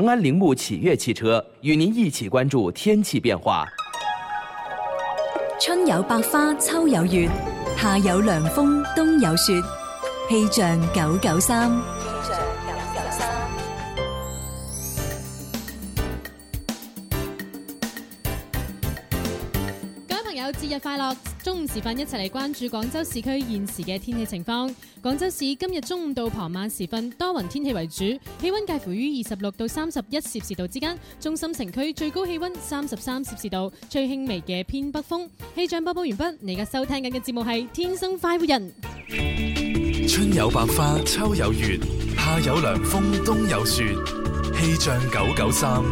長安鈴木啟悅汽車與您一起關注天氣變化。春有百花，秋有月，夏有涼風，冬有雪。氣象九九三。氣象九九三。各位朋友，節日快樂！中午時分，一齊嚟關注廣州市區現時嘅天氣情況。廣州市今日中午到傍晚時分，多雲天氣為主，氣溫介乎於二十六到三十一攝氏度之間。中心城區最高氣溫三十三攝氏度，吹輕微嘅偏北風。氣象播報完畢，你而家收聽緊嘅節目係《天生快活人》。春有百花，秋有月，夏有涼風，冬有雪。氣象九九三。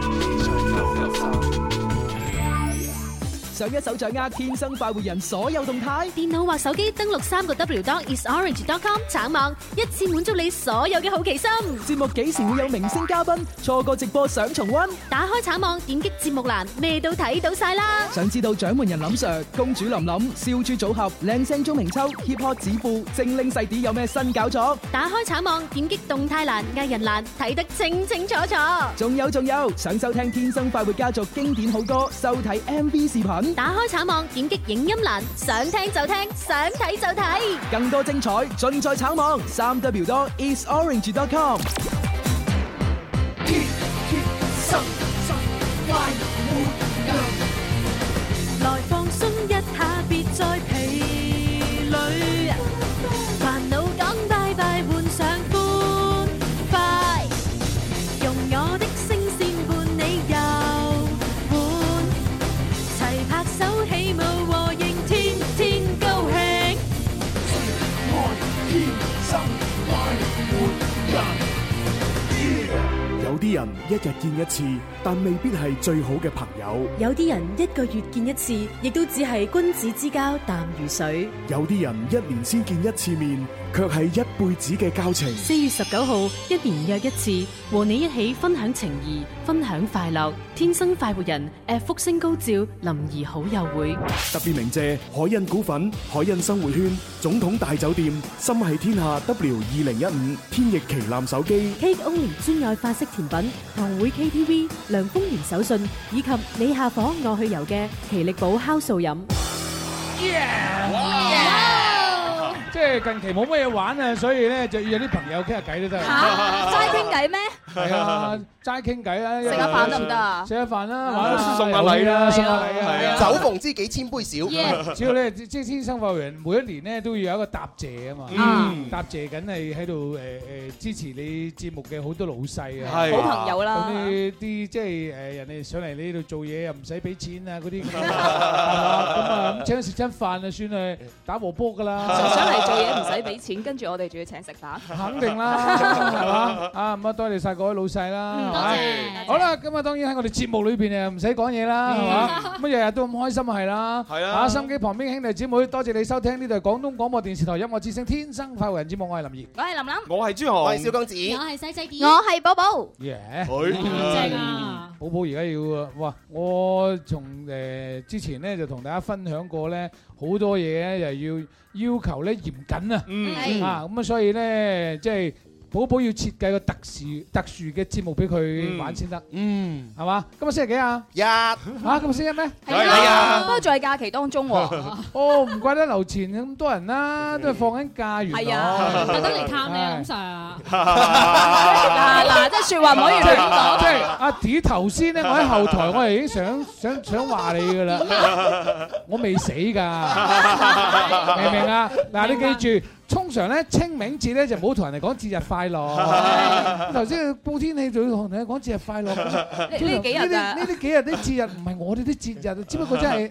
想一手掌握天生快活人所有動態，電腦或手機登錄三個 w dot is orange dot com 橙網，一次滿足你所有嘅好奇心。節目幾時會有明星嘉賓？錯過直播想重溫？打開橙網，點擊節目欄，咩都睇到晒啦。想知道掌門人林 sir、公主琳琳、燒豬組合、靚聲鍾明秋、hip hop 子富、精靈細啲有咩新搞作？打開橙網，點擊動態欄、藝人欄，睇得清清楚楚。仲有仲有，想收聽天生快活家族經典好歌，收睇 MV 視頻。打開橙網，點擊影音欄，想聽就聽，想睇就睇，更多精彩盡在橙網，www.isorange.com。來放鬆一下，別再疲累。有啲人一日見一次，但未必係最好嘅朋友；有啲人一個月見一次，亦都只係君子之交淡如水；有啲人一年先見一次面。卻係一輩子嘅交情。四月十九號，一年約一次，和你一起分享情誼，分享快樂。天生快活人，福星高照，臨怡好友會。特別鳴謝海印股份、海印生活圈、總統大酒店、心繫天下 W 二零一五、天翼旗艦手機、Kate Only 專愛法式甜品、同會 KTV、梁豐源手信以及你下火我去游嘅奇力寶酵素飲。即係近期冇乜嘢玩啊，所以咧就要有啲朋友傾下偈都得。嚇，齋傾偈咩？係啊。齋傾偈啦，食下飯得唔得啊？食下飯啦，公司送下禮啦，送下禮啊！酒逢知己千杯少，主要咧即係先生發完，每一年咧都要有一個答謝啊嘛，答謝緊係喺度誒誒支持你節目嘅好多老細啊，好朋友啦，咁啲即係誒人哋上嚟呢度做嘢又唔使俾錢啊嗰啲，咁啊咁請食餐飯啊算啦，打和波噶啦，上嚟做嘢唔使俾錢，跟住我哋仲要請食飯，肯定啦，係嘛啊咁啊多謝曬各位老細啦。啊，好啦，咁啊，當然喺我哋節目裏邊啊，唔使講嘢啦，係嘛？乜日日都咁開心係啦，係啊！收音機旁邊兄弟姊妹，多謝你收聽呢度廣東廣播電視台音樂之聲《天生快活人》節目，我係林怡，我係林林，我係朱豪，我係小公子，我係西西，我係寶寶。Yeah，好正啊！寶寶而家要哇，我從誒之前咧就同大家分享過咧好多嘢咧，又要要求咧嚴謹啊，嗯，啊咁啊，所以咧即係。寶寶要設計個特殊特殊嘅節目俾佢玩先得，嗯，係、嗯、嘛？今日星期幾啊？一，嚇，今日星期一咩？係啊，都係在假期當中喎、啊。 哦，唔怪得樓前咁多人啦、啊，都係放緊假完。係啊，特登嚟探你啊，咁曬啊！嗱、 啊，即係説話唔可以亂講。即係阿 D 頭先咧，我喺後台我係已經想想想話你㗎啦、啊，我未死㗎、啊啊啊，明唔明啊？嗱，你記住。通常咧，清明節咧就冇同人哋講節日快樂。頭 先報天氣就要同你講節日快樂。呢 呢這 幾日㗎？呢啲幾日啲節日唔係我哋啲節日， 只不過真係。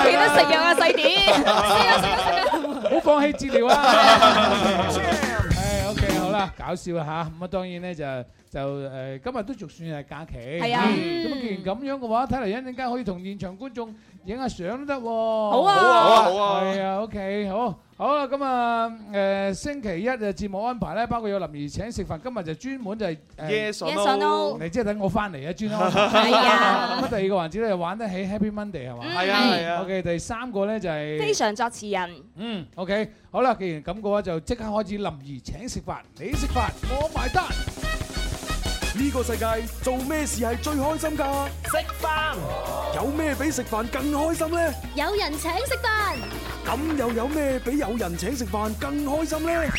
記得食藥啊，細啲，好放棄治療啦。哎，OK，好啦，搞笑啦吓，咁啊，當然咧就就誒，今日都仲算係假期。係啊，咁啊，既然咁樣嘅話，睇嚟，一陣間可以同現場觀眾影下相都得。好啊，好啊，好啊。係啊，OK，好。好啦，咁啊，誒星期一嘅節目安排咧，包括有林怡請食飯，今日就專門就係 Yes or no，你即係等我翻嚟啊，專啊，係啊，咁啊第二個環節咧玩得起 Happy Monday 係嘛？係啊係啊，OK，第三個咧就係非常作詞人。嗯，OK，好啦，既然咁嘅話，就即刻開始林怡請食飯，你食飯我埋單。呢個世界做咩事係最開心噶？食飯有咩比食飯更開心咧？有人請食飯，咁又有咩比有人請食飯更開心咧？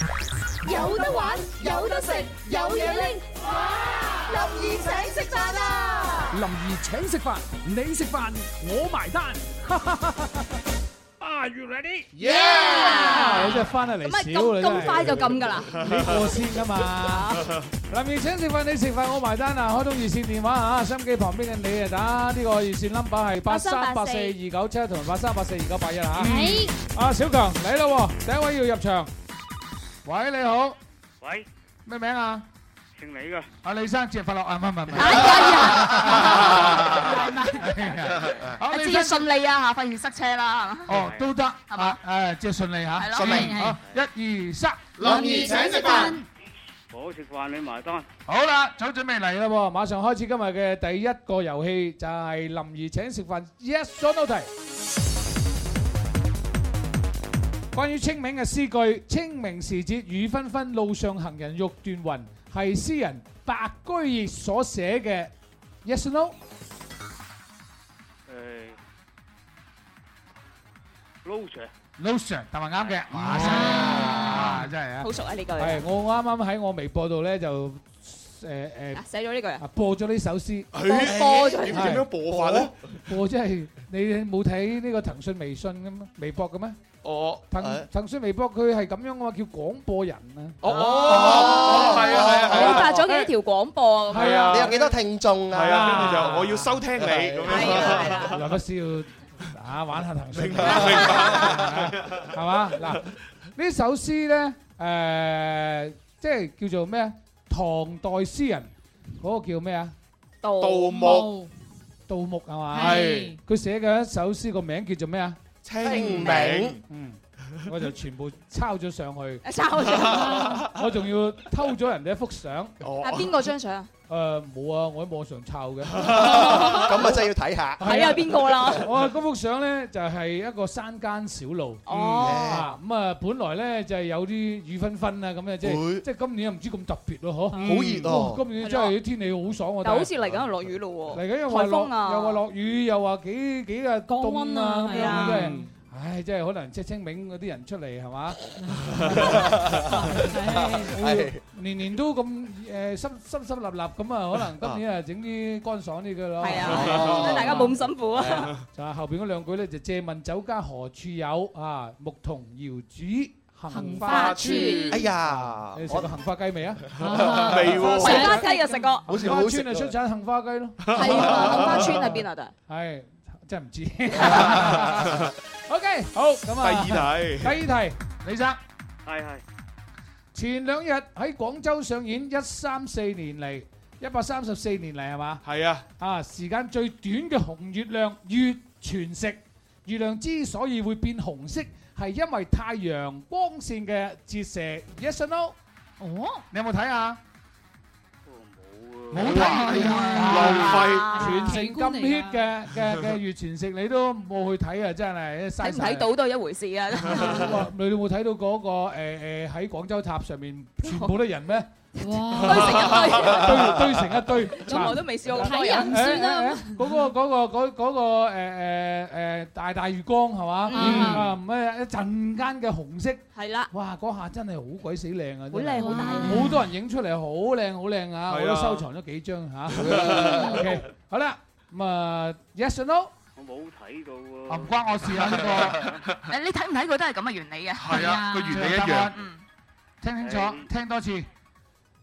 有得玩，有得食，有嘢拎，哇！林兒請食飯啦！啊！林兒請食飯，你食飯，我埋單。 Are you ready，yeah！你只翻啊嚟少，你咁快就咁噶啦？你過先噶嘛？南燕請食飯，你食飯我埋單啊！開通熱線電話啊，收音機旁邊嘅你啊，打呢個熱線 number 係八三八四二九七同埋八三八四二九八一啊！喺，阿小強你喇，第一位要入場。喂，你好。喂。咩名啊？阿李生節日快樂啊！唔唔唔，啊！好，節日順利啊吓，費事塞車啦。哦，都得啊，誒，節日順利吓，順利係。一二三，林怡請食飯，我食飯你埋單。好啦，早準備嚟啦，馬上開始今日嘅第一個遊戲，就係林怡請食飯。Yes，all right。關於清明嘅詩句：清明時節雨紛紛，路上行人欲斷魂。係詩人白居易所寫嘅，Yes or No？誒，Loser，Loser，但係啱嘅，哇，真係啊，好熟啊呢句，係我啱啱喺我微博度咧就。誒誒，寫咗呢個人，播咗呢首詩，播咗點點樣播法咧？播即係你冇睇呢個騰訊微信咁，微博嘅咩？哦，騰騰訊微博佢係咁樣嘅嘛，叫廣播人啊。哦，係啊，係啊，係。你發咗幾多條廣播啊？係啊，你有幾多聽眾啊？係啊，跟住就我要收聽你咁樣。嗱，嗰時要啊玩下騰訊，係嘛？嗱，呢首詩咧，誒，即係叫做咩啊？唐代詩人嗰、那個叫咩啊？杜牧，杜牧係嘛？係，佢寫嘅一首詩個名叫做咩啊？清明。明我就全部抄咗上去，抄咗，我仲要偷咗人哋一幅相，啊邊個張相？誒冇啊，我喺網上抄嘅，咁我真係要睇下，睇下邊個啦。我嗰幅相咧就係一個山間小路，啊咁啊本來咧就係有啲雨紛紛啦，咁啊即係即係今年又唔知咁特別咯嗬，好熱哦，今年真係啲天氣好爽啊，但係好似嚟緊又落雨嘞喎，嚟緊又台風啊，又話落雨，又話幾幾啊降溫啊咁嘅。唉，真係可能即係清明嗰啲人出嚟係嘛？係年年都咁誒濕濕濕立立咁啊，可能今年啊整啲乾爽啲嘅咯。係啊，大家冇咁辛苦啊！就後邊嗰兩句咧，就借問酒家何處有啊？牧童遙指杏花村。哎呀，你食過杏花雞未啊？未喎，杏花雞有食過。杏花村啊，出產杏花雞咯。係杏花村喺邊啊？都係。係。真唔知。 OK，好咁啊。第二題，第二題，李生，係係。前兩日喺廣州上演一三四年嚟，一百三十四年嚟係嘛？係啊。啊，時間最短嘅紅月亮月全食，月亮之所以會變紅色，係因為太陽光線嘅折射。Yes or no？哦，你有冇睇啊？冇睇，啊，你浪費全城咁 hit 嘅嘅嘅月全食，你都冇去睇啊！真係睇唔睇到都係一回事啊！ 你有冇睇到嗰、嗰個喺、呃呃、廣州塔上面全部都人咩？哇！堆成一堆，堆堆成一堆，我都未試過。睇人算啦。嗰個嗰個嗰嗰個誒誒誒大大魚缸係嘛？啊！唔係一陣間嘅紅色係啦。哇！嗰下真係好鬼死靚啊！好靚，好大。好多人影出嚟，好靚，好靚啊！我都收藏咗幾張嚇。OK，好啦，咁啊，Yes or No？我冇睇到喎。唔關我事啊呢個。誒，你睇唔睇過都係咁嘅原理嘅。係啊，個原理一樣。嗯。聽清楚，聽多次。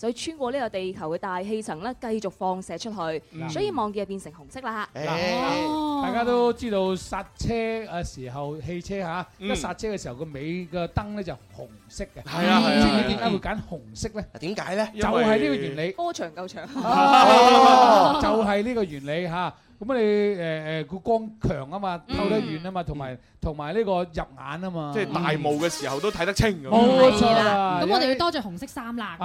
就穿過呢個地球嘅大氣層咧，繼續放射出去，所以望見就變成紅色啦。嗱，大家都知道剎車嘅時候，汽車嚇一剎車嘅時候個尾嘅燈咧就紅色嘅。係啊，咁你點解會揀紅色咧？點解咧？就係呢個原理，波長夠長。就係呢個原理嚇。咁你誒誒個光強啊嘛，透得遠啊嘛，同埋同埋呢個入眼啊嘛，即係大霧嘅時候都睇得清咁。冇錯啦！咁我哋要多著紅色衫啦。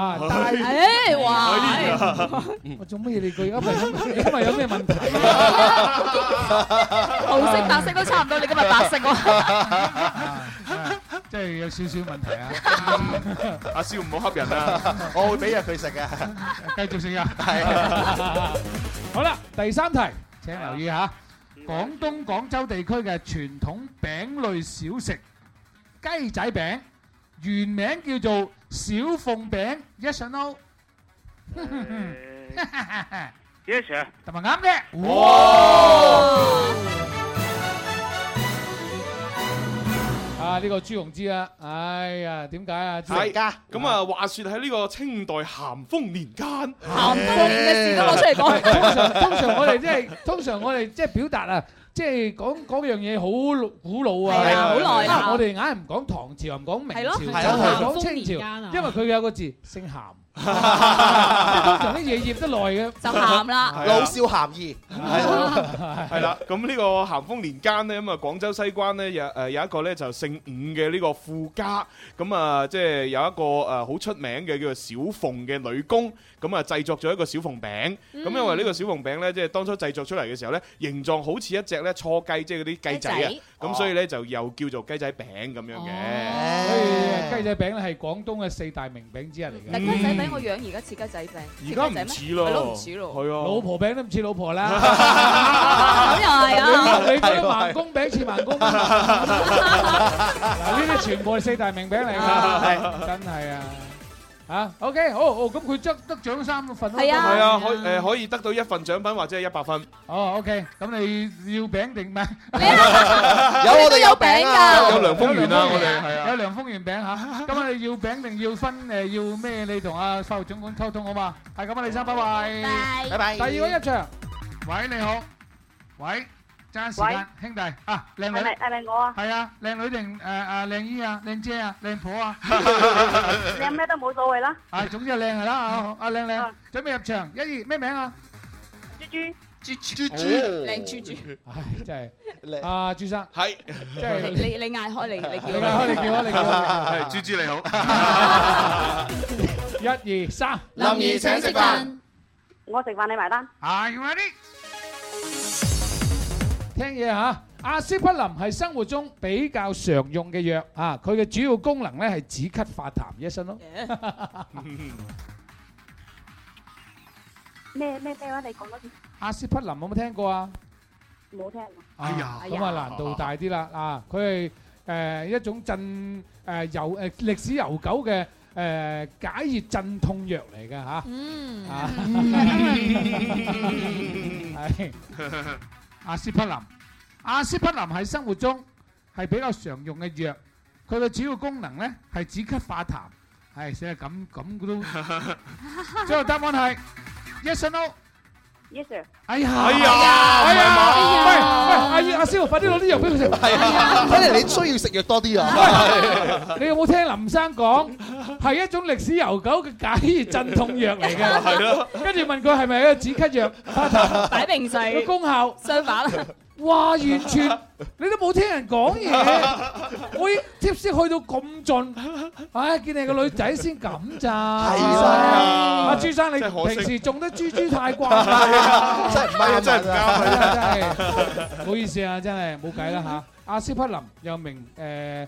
誒哇！我做咩嚟嘅？而家因為有咩問題？紅色、白色都差唔多，你今日白色咯。即係有少少問題啊！阿少唔好恰人啊！我會俾啊佢食啊，繼續食啊！係。好啦，第三題請留意下，廣東廣州地區嘅傳統餅類小食雞仔餅，原名叫做？小鳳餅，一上樓，哈哈哈哈哈，一上，同埋啱嘅，哇！啊，呢個朱紅枝啦，哎呀，點解啊？係㗎咁啊，話說喺呢個清代咸豐年間，咸豐年嘅事都攞出嚟講，通常，通常我哋即係，通常我哋即係表達啊。即係講講樣嘢好古老啊，好耐啦！我哋硬係唔講唐朝，唔講明朝，講清朝，因為佢有個字姓咸，做啲嘢醃得耐嘅就鹹啦。老少咸宜，係啦。咁呢個咸豐年間咧，咁啊廣州西關咧有誒有一個咧就姓伍嘅呢個富家，咁啊即係有一個誒好出名嘅叫做小鳳嘅女工。咁啊，製作咗一個小鳳餅。咁因為呢個小鳳餅咧，即係當初製作出嚟嘅時候咧，形狀好似一隻咧錯雞，即係嗰啲雞仔啊。咁所以咧，就又叫做雞仔餅咁樣嘅。雞仔餅咧係廣東嘅四大名餅之一嚟嘅。但雞仔餅個樣而家似雞仔餅，而家唔似咯，唔似咯，係啊。老婆餅都唔似老婆啦。咁又係啊。你嗰個盲公餅似盲公。嗱，呢啲全部係四大名餅嚟㗎。係真係啊。吓，OK，好，哦，咁佢得得獎三份，係啊，係啊，可誒可以得到一份獎品或者係一百分。哦，OK，咁你要餅定咩？有我哋有餅噶，有涼風圓啊，我哋係啊，有涼風圓餅吓。咁啊，要餅定要分誒？要咩？你同阿財務主管溝通好嘛？係咁啊，李生，拜拜，拜拜。第二位入場。喂，你好，喂。喂，兄弟啊，靚女，係咪我啊？係啊，靚女定誒啊靚姨啊，靚姐啊，靚婆啊，靚咩都冇所謂啦。係，總之係靚係啦啊，阿靚靚準備入場，一二咩名啊？豬豬，豬豬，豬豬，靚豬豬。唉，真係啊，朱生係，即係你你嗌開你你叫，嗌開你叫開你叫，係豬豬你好。一二三，林兒請食飯，我食飯你埋單，係嗰啲。聽嘢嚇，阿司匹林係生活中比較常用嘅藥啊，佢嘅主要功能咧係止咳化痰一身咯。咩咩咩話？你講多啲。阿司匹林有冇聽過啊？冇聽過。哎呀，咁啊難度大啲啦啊！佢係誒一種鎮誒悠誒歷史悠久嘅誒解熱鎮痛藥嚟㗎嚇。嗯。係。阿司匹林，阿司匹林喺生活中係比較常用嘅藥，佢嘅主要功能咧係止咳化痰，係寫得咁咁都。最後答案係，Yes or No。醫生，哎呀，哎呀，哎呀，喂喂，阿阿蕭，快啲攞啲藥俾佢食。係啊，睇嚟你需要食藥多啲啊。喂，你有冇聽林生講，係一種歷史悠久嘅解熱鎮痛藥嚟嘅，係咯。跟住問佢係咪一個止咳藥，擺明晒佢功效相反啦。哇！完全你都冇聽人講嘢，我貼色去到咁盡，唉！見你個女仔先咁咋，係啊！阿、啊啊、朱生你平時種得豬豬太慣、啊，真唔係真唔啱，真係，唔、啊啊啊啊啊啊、好意思啊，真係冇計啦嚇。阿、啊啊、斯匹林又名。呃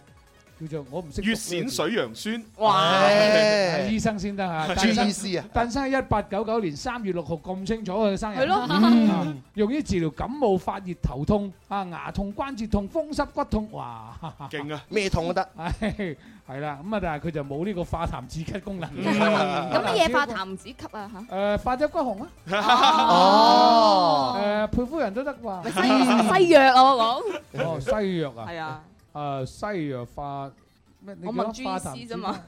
叫做我唔識。乙酰水楊酸，哇、欸！醫生先得吓。G C 啊，誕生喺一八九九年三月六號，咁清楚佢嘅生日。係咯、嗯用。用於治療感冒、發熱、頭痛、啊牙痛、關節痛、風濕骨痛，哇！勁啊，啊，咩痛都得。係啦，咁啊，但係佢就冇呢個化痰止咳功能。咁乜嘢化痰止咳啊？吓？誒，化咗骨紅啊。哦、呃。誒，佩夫人都得啩？西藥啊，我講。哦，西藥啊。係啊、哎。誒，西藥化咩？我問中醫師啫嘛。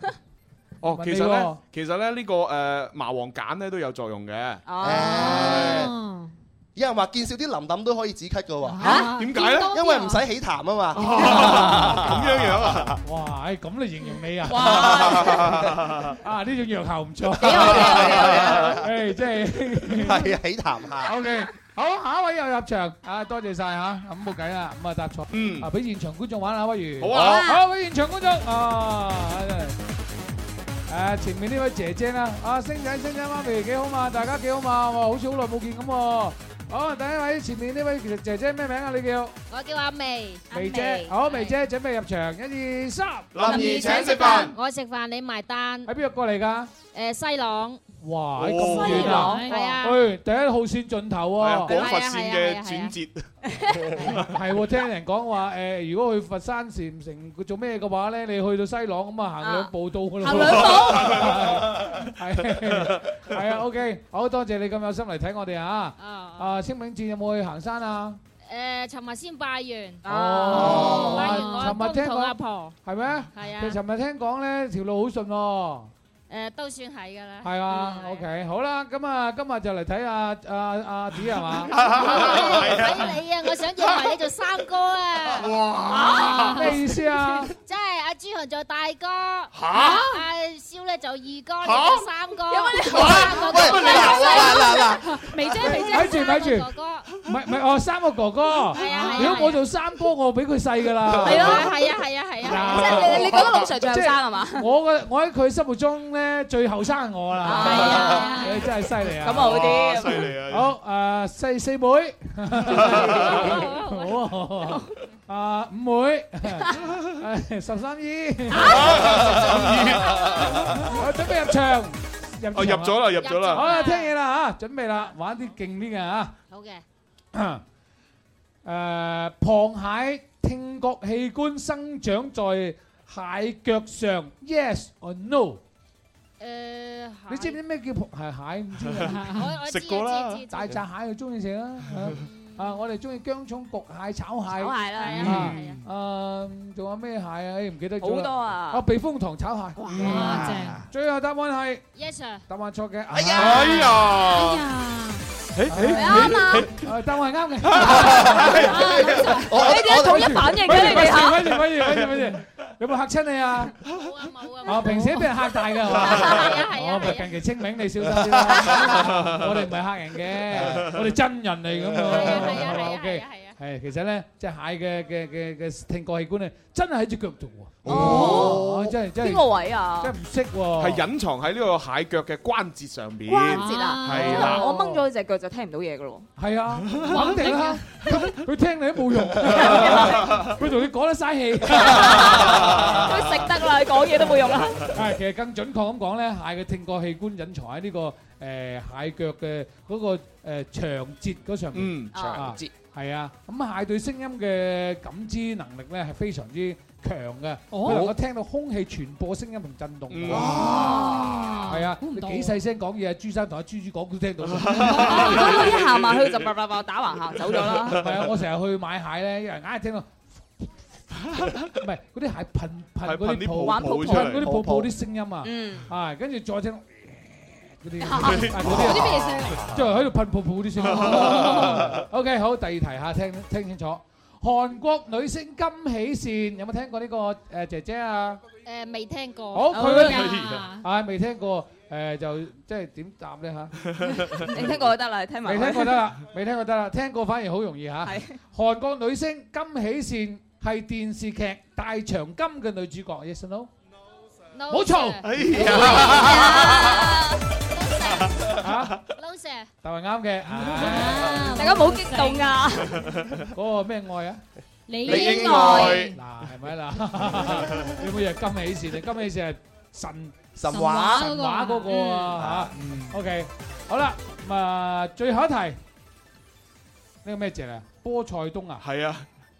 哦，其實咧，其實咧呢個誒麻黃鹼咧都有作用嘅。哦，有人話見少啲淋淋都可以止咳噶喎。吓？點解咧？因為唔使起痰啊嘛。咁樣樣啊？哇，咁你形容你啊？哇！啊，呢種藥效唔錯。幾好聽啊！誒，即係係起痰吓。好，下一位又入場，啊，多謝晒吓，咁冇計啦，咁啊答錯，嗯，啊俾現場觀眾玩下不如，好啊，好俾現場觀眾，哦，誒，前面呢位姐姐啦，啊，星仔星仔媽咪幾好嘛，大家幾好嘛，好似好耐冇見咁，好，第一位前面呢位其實姐姐咩名啊？你叫？我叫阿薇，薇姐，好，薇姐準備入場，一二三，林怡請食飯，我食飯你埋單，喺邊度過嚟噶？誒，西朗哇，咁西朗，係啊，喂，第一號線盡頭啊，廣佛線嘅轉折，係聽人講話，誒，如果去佛山禪城做咩嘅話咧，你去到西朗咁啊，行兩步到嘅咯，行兩步，係係啊，OK，好多謝你咁有心嚟睇我哋啊，啊清明節有冇去行山啊？誒，尋日先拜完，哦，拜完，尋日聽講阿婆係咩？係啊，其實尋日聽講咧條路好順喎。誒都算係㗎啦，係啊，OK，好啦，咁啊，今日就嚟睇下阿阿子係嘛？係啊，俾你啊，我想認為你做三哥啊！哇，咩意思啊？即係阿朱雄做大哥，嚇，阿蕭咧做二哥，嚇，三哥，因為你三個哥哥，嗱嗱，微姐微姐，睇住睇住，哥哥，唔係唔係哦，三個哥哥，如果我做三哥，我比佢細㗎啦，係咯，係啊，係啊，係啊，即係你你覺得老 Sir 最後生係嘛？我嘅我喺佢心目中咧。最後生我啦，真係犀利啊！咁好啲，犀利啊！好誒，四四妹，好啊！誒五妹，十三姨，準備入場入，哦入咗啦，入咗啦！好啦，聽嘢啦嚇，準備啦，玩啲勁啲嘅嚇。好嘅誒，螃蟹聽覺器官生長在蟹腳上，Yes or No？誒，你知唔知咩叫係蟹？唔知啊，我我知啦，大閘蟹佢中意食啦。啊，我哋中意薑蔥焗蟹、炒蟹。炒蟹啦，係啊，誒，仲有咩蟹啊？你唔記得咗。好多啊！啊，避風塘炒蟹。哇，正！最後答案係 yes sir，答案錯嘅。哎呀！哎呀！啱啦，答案係啱嘅。你哋係同一反應嘅嚟嘅嗬。冇錯，冇錯，冇錯，冇錯，冇錯。你有冇嚇親你啊？我、 啊啊啊哦、平時都俾人嚇大㗎。係啊係啊。 我近期清明，你小心啲啦。 我哋唔係嚇人嘅， 我哋真人嚟㗎嘛。係啊係啊啊。 okay 係，其實咧，隻蟹嘅嘅嘅嘅聽覺器官咧，真係喺隻腳度喎。哦，真係真係邊個位啊？真係唔識喎，係隱藏喺呢個蟹腳嘅關節上面。關節啊，係啦，我掹咗隻腳就聽唔到嘢噶咯。係啊，肯定啦，佢聽你都冇用，佢同你講得嘥氣，佢食得啦，你講嘢都冇用啦。係，其實更準確咁講咧，蟹嘅聽覺器官隱藏喺呢個誒蟹腳嘅嗰個誒長節嗰上面。嗯，長節。係啊，咁啊蟹對聲音嘅感知能力咧係非常之強嘅，佢能夠聽到空氣傳播聲音同震動。哇！係啊，幾細聲講嘢，朱生同阿豬豬講佢聽到。一行埋去就叭叭叭打橫行走咗啦。係啊，我成日去買蟹咧，有人硬係聽到，唔係嗰啲蟹噴噴嗰啲泡泡，嗰啲泡泡啲聲音啊，啊，跟住再聽。嗰啲啊，嗰啲咩事嚟？即係喺度噴泡泡啲先。O K，好，第二題嚇，聽聽清楚。韓國女星金喜善有冇聽過呢個誒姐姐啊？誒，未聽過。好，佢咧，啊，未聽過。誒，就即係點答咧嚇？你聽過就得啦，聽埋。未聽過得啦，未聽過得啦，聽過反而好容易嚇。係。韓國女星金喜善係電視劇《大長今》嘅女主角。Yes or no？No。冇錯。哎呀！啊，老蛇，但係啱嘅，啊，大家唔好激動啊，嗰個咩愛啊，你愛，嗱係咪啦？有冇人金起事？你金起事係神神話神話嗰個啊？吓，嗯，OK，好啦，咁啊，最後一題，呢個咩字啊？波塞冬啊，係啊，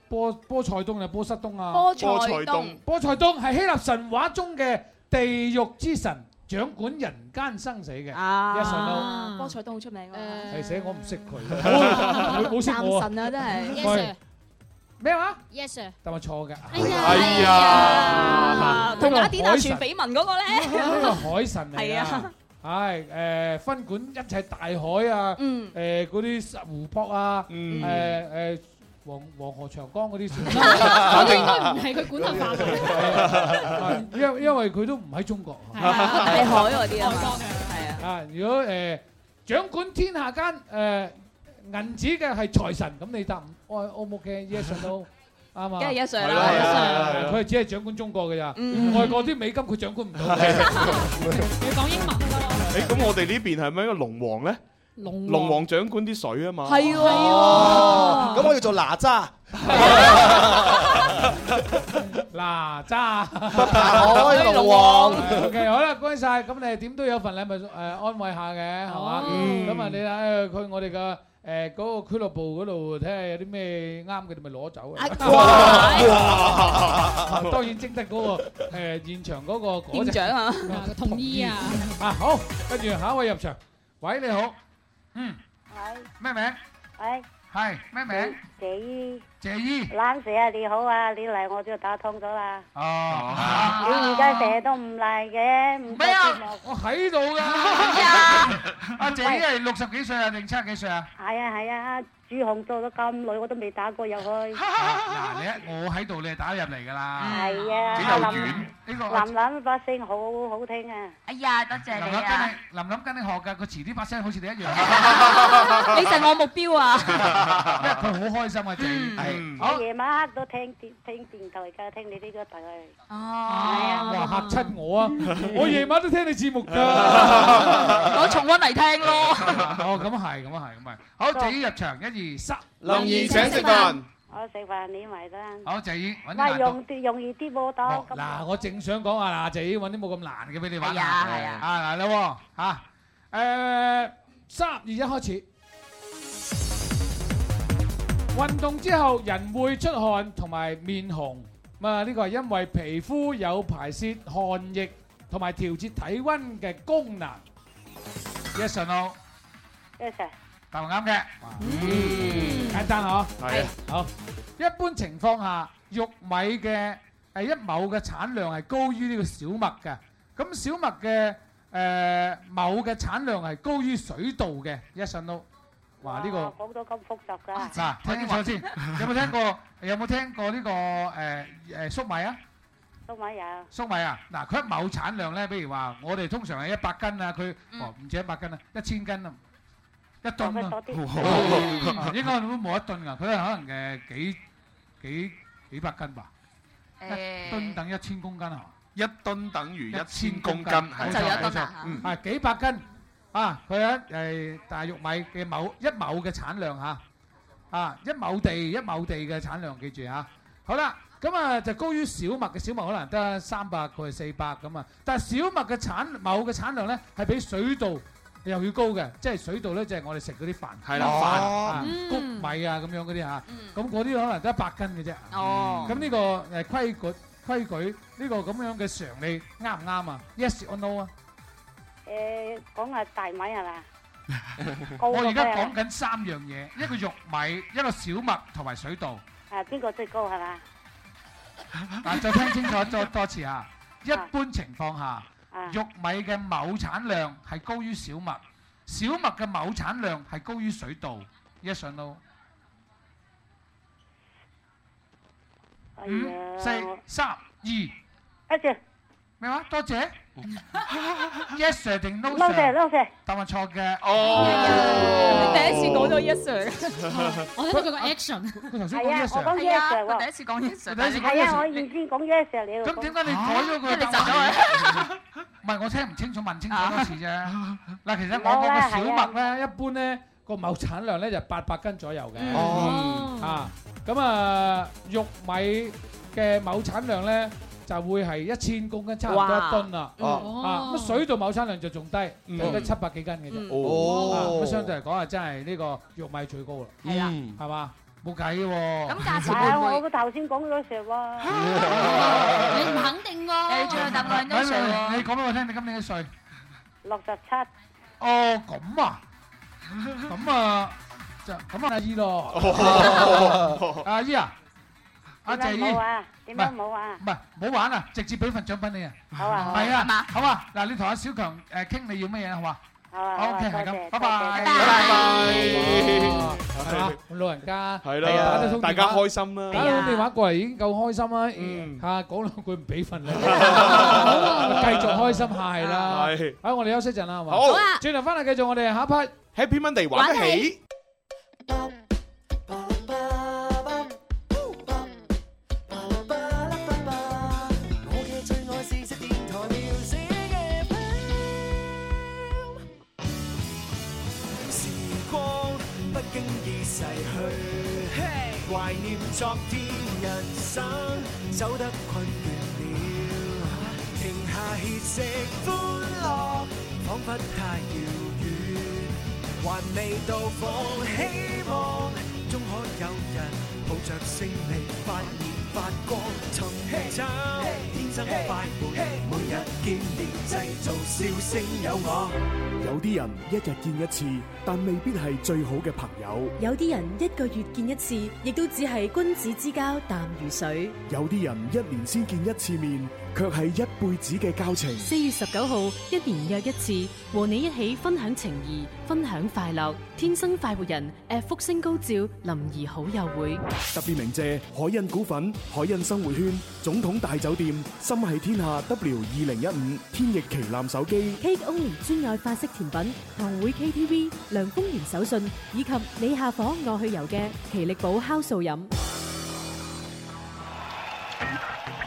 波波塞冬定波塞冬啊？波塞冬，波塞冬係希臘神話中嘅地獄之神。掌管人間生死嘅，一神咯，波塞冬好出名嘅，係寫我唔識佢，冇識我啊，男神啊真係，咩話？Yes sir，但係錯㗎，哎呀，同雅典娜傳緋聞嗰個咧，係海神嚟，係啊，係誒分管一切大海啊，誒嗰啲湖泊啊，誒誒。黃黃河長江嗰啲船，嗰啲應該唔係佢管轄範圍。因因為佢都唔喺中國。係啊，係海嗰啲啊。長江嘅係啊。啊，如果誒掌管天下間誒銀紙嘅係財神，咁你答我？外外國嘅耶穌都啱嘛？梗係耶穌啦，耶穌。佢係只係掌管中國㗎咋，外國啲美金佢掌管唔到。你講英文㗎喎。誒，咁我哋呢邊係咪一個龍王咧？龍龍王掌管啲水啊嘛係喎，咁我要做哪吒、哪吒，我係龍王。OK 好啦，恭喜晒，咁你點都有份禮物誒安慰下嘅係嘛，咁啊你睇佢我哋個誒嗰個俱樂部嗰度睇下有啲咩啱佢哋，咪攞走啊。哇，當然征得嗰個誒現場嗰個獎獎啊，同意啊，啊好，跟住下一位入場，喂你好。嗯，喂，咩名？喂，係咩名？謝姨，謝姨，蘭姐啊，你好啊，你嚟我就打通咗啦。哦，你而家成日都唔嚟嘅，唔咩啊？我喺度噶。啊，阿謝姨係六十幾歲啊，定七十幾歲啊？係啊，係啊。主控做咗咁耐，我都未打過入去。嗱，你一我喺度，你係打入嚟㗎啦。係啊，比較遠。呢個林林把聲好好聽啊！哎呀，多謝你啊！林林跟你學㗎，佢遲啲把聲好似你一樣。女神，我目標啊！佢好開心啊！正，我夜晚都聽電聽電台，而家聽你呢個台。哦，係啊！哇，嚇親我啊！我夜晚都聽你節目㗎。我重温嚟聽咯。哦，咁啊係，咁啊係，咁啊係。好，第二入場一。三龍二請食飯，我食飯你埋單。好，謝姨，咪容啲容易啲喎，到嗱我正想講啊，嗱謝姨揾啲冇咁難嘅俾你玩下。係啊係啊。啊嗱你喎吓，誒三月一號開始運動之後，人會出汗同埋面紅，咁啊呢個係因為皮膚有排泄汗液同埋調節體溫嘅功能。Yes or no？Yes sir。答啱嘅，嗯，簡單嗬，係，好。一般情況下，玉米嘅誒一畝嘅產量係高於呢個小麥嘅，咁小麥嘅誒畝嘅產量係高於水稻嘅。一新都，話呢個，好多咁複雜㗎。嗱，聽清楚先，有冇聽過？有冇聽過呢個誒誒粟米啊？粟米啊。粟米啊，嗱，佢一畝產量咧，比如話我哋通常係一百斤啊，佢哦唔止一百斤啊，一千斤啊。一噸啊！應該都冇一噸㗎，佢係可能誒幾幾幾百斤吧？誒，噸等一千公斤係嘛？一噸等於一千公斤，咁就有一噸啦。嗯，係幾百斤啊？佢係誒大玉米嘅某一畝嘅產量嚇，啊一畝地一畝地嘅產量，記住嚇。好啦，咁啊就高於小麥嘅小麥可能得三百佢係四百咁啊，但係小麥嘅產某嘅產量咧係比水稻。又要高嘅，即係水稻咧，就係我哋食嗰啲飯，係啦，飯啊，谷米啊咁樣嗰啲嚇，咁嗰啲可能得百斤嘅啫。哦，咁呢個誒規矩規矩呢個咁樣嘅常理啱唔啱啊？Yes or no 啊？誒，講下大米係嘛？我而家講緊三樣嘢，一個玉米，一個小麥同埋水稻。誒，邊個最高係嘛？嗱，再聽清楚再多次啊！一般情況下。玉米嘅畝產量係高於小麥，小麥嘅畝產量係高於水稻。Yes or no？四三二，阿姐，咩話？多謝。Yes 定 No？多謝多謝。答案錯嘅，哦。你第一次攞到 Yes，我睇到佢個 action。係啊，我講 Yes，我第一次講 Yes，第一次。係啊，我原先講 Yes 嚟。咁點解你改咗佢？你走啊！唔係我聽唔清楚，問清楚多次啫。嗱、啊， 其實講講個小麥咧，一般咧個畝產量咧就八、是、百斤左右嘅、嗯。哦，啊，咁啊，玉米嘅畝產量咧就會係一千公斤差唔多一噸啦。哦，啊，咁水稻畝產量就仲低，應該七百幾斤嘅啫、嗯。哦，咁、啊、相對嚟講啊，真係呢個玉米最高啦。係、嗯、啊，係嘛？冇計喎，係啊！我個頭先講咗時喎，你唔肯定喎，誒最後答我幾多歲？你講俾我聽，你今年幾歲？六十七。哦，咁啊，咁啊，就咁啊，阿姨咯，阿姨啊，阿姐啊，點樣冇玩，唔係冇玩啊，直接俾份獎品你啊，好啊，係啊，好啊，嗱，你同阿小強誒傾，你要咩嘢係嘛？O K，係咁，拜拜，拜拜。老人家，係啦，大家開心啦。打到電話過嚟已經夠開心啦。嗯，吓講兩句唔俾份你，繼續開心係啦。係，好，我哋休息陣啦，好啊。轉頭翻嚟繼續我哋下一 part，Happy Monday 玩得起。懷念昨天，人生走得困倦了，停下歇息，歡樂仿佛太遙遠，還未到訪，希望終可有人抱着勝利發現發光，青、hey，春、hey，天生快活，每日見面製造笑聲有我。有啲人一日見一次，但未必係最好嘅朋友。有啲人一個月見一次，亦都只係君子之交淡如水。有啲人一年先見一次面。卻係一輩子嘅交情。四月十九號，一年約一次，和你一起分享情誼，分享快樂。天生快活人，福星高照，林怡好友會。特別鳴謝海印股份、海印生活圈、總統大酒店、心繫天下 W 二零一五、天翼旗艦手機、K Only 專愛法式甜品、同會 KTV、梁豐源手信以及你下火我去游嘅奇力寶酵素飲。嗯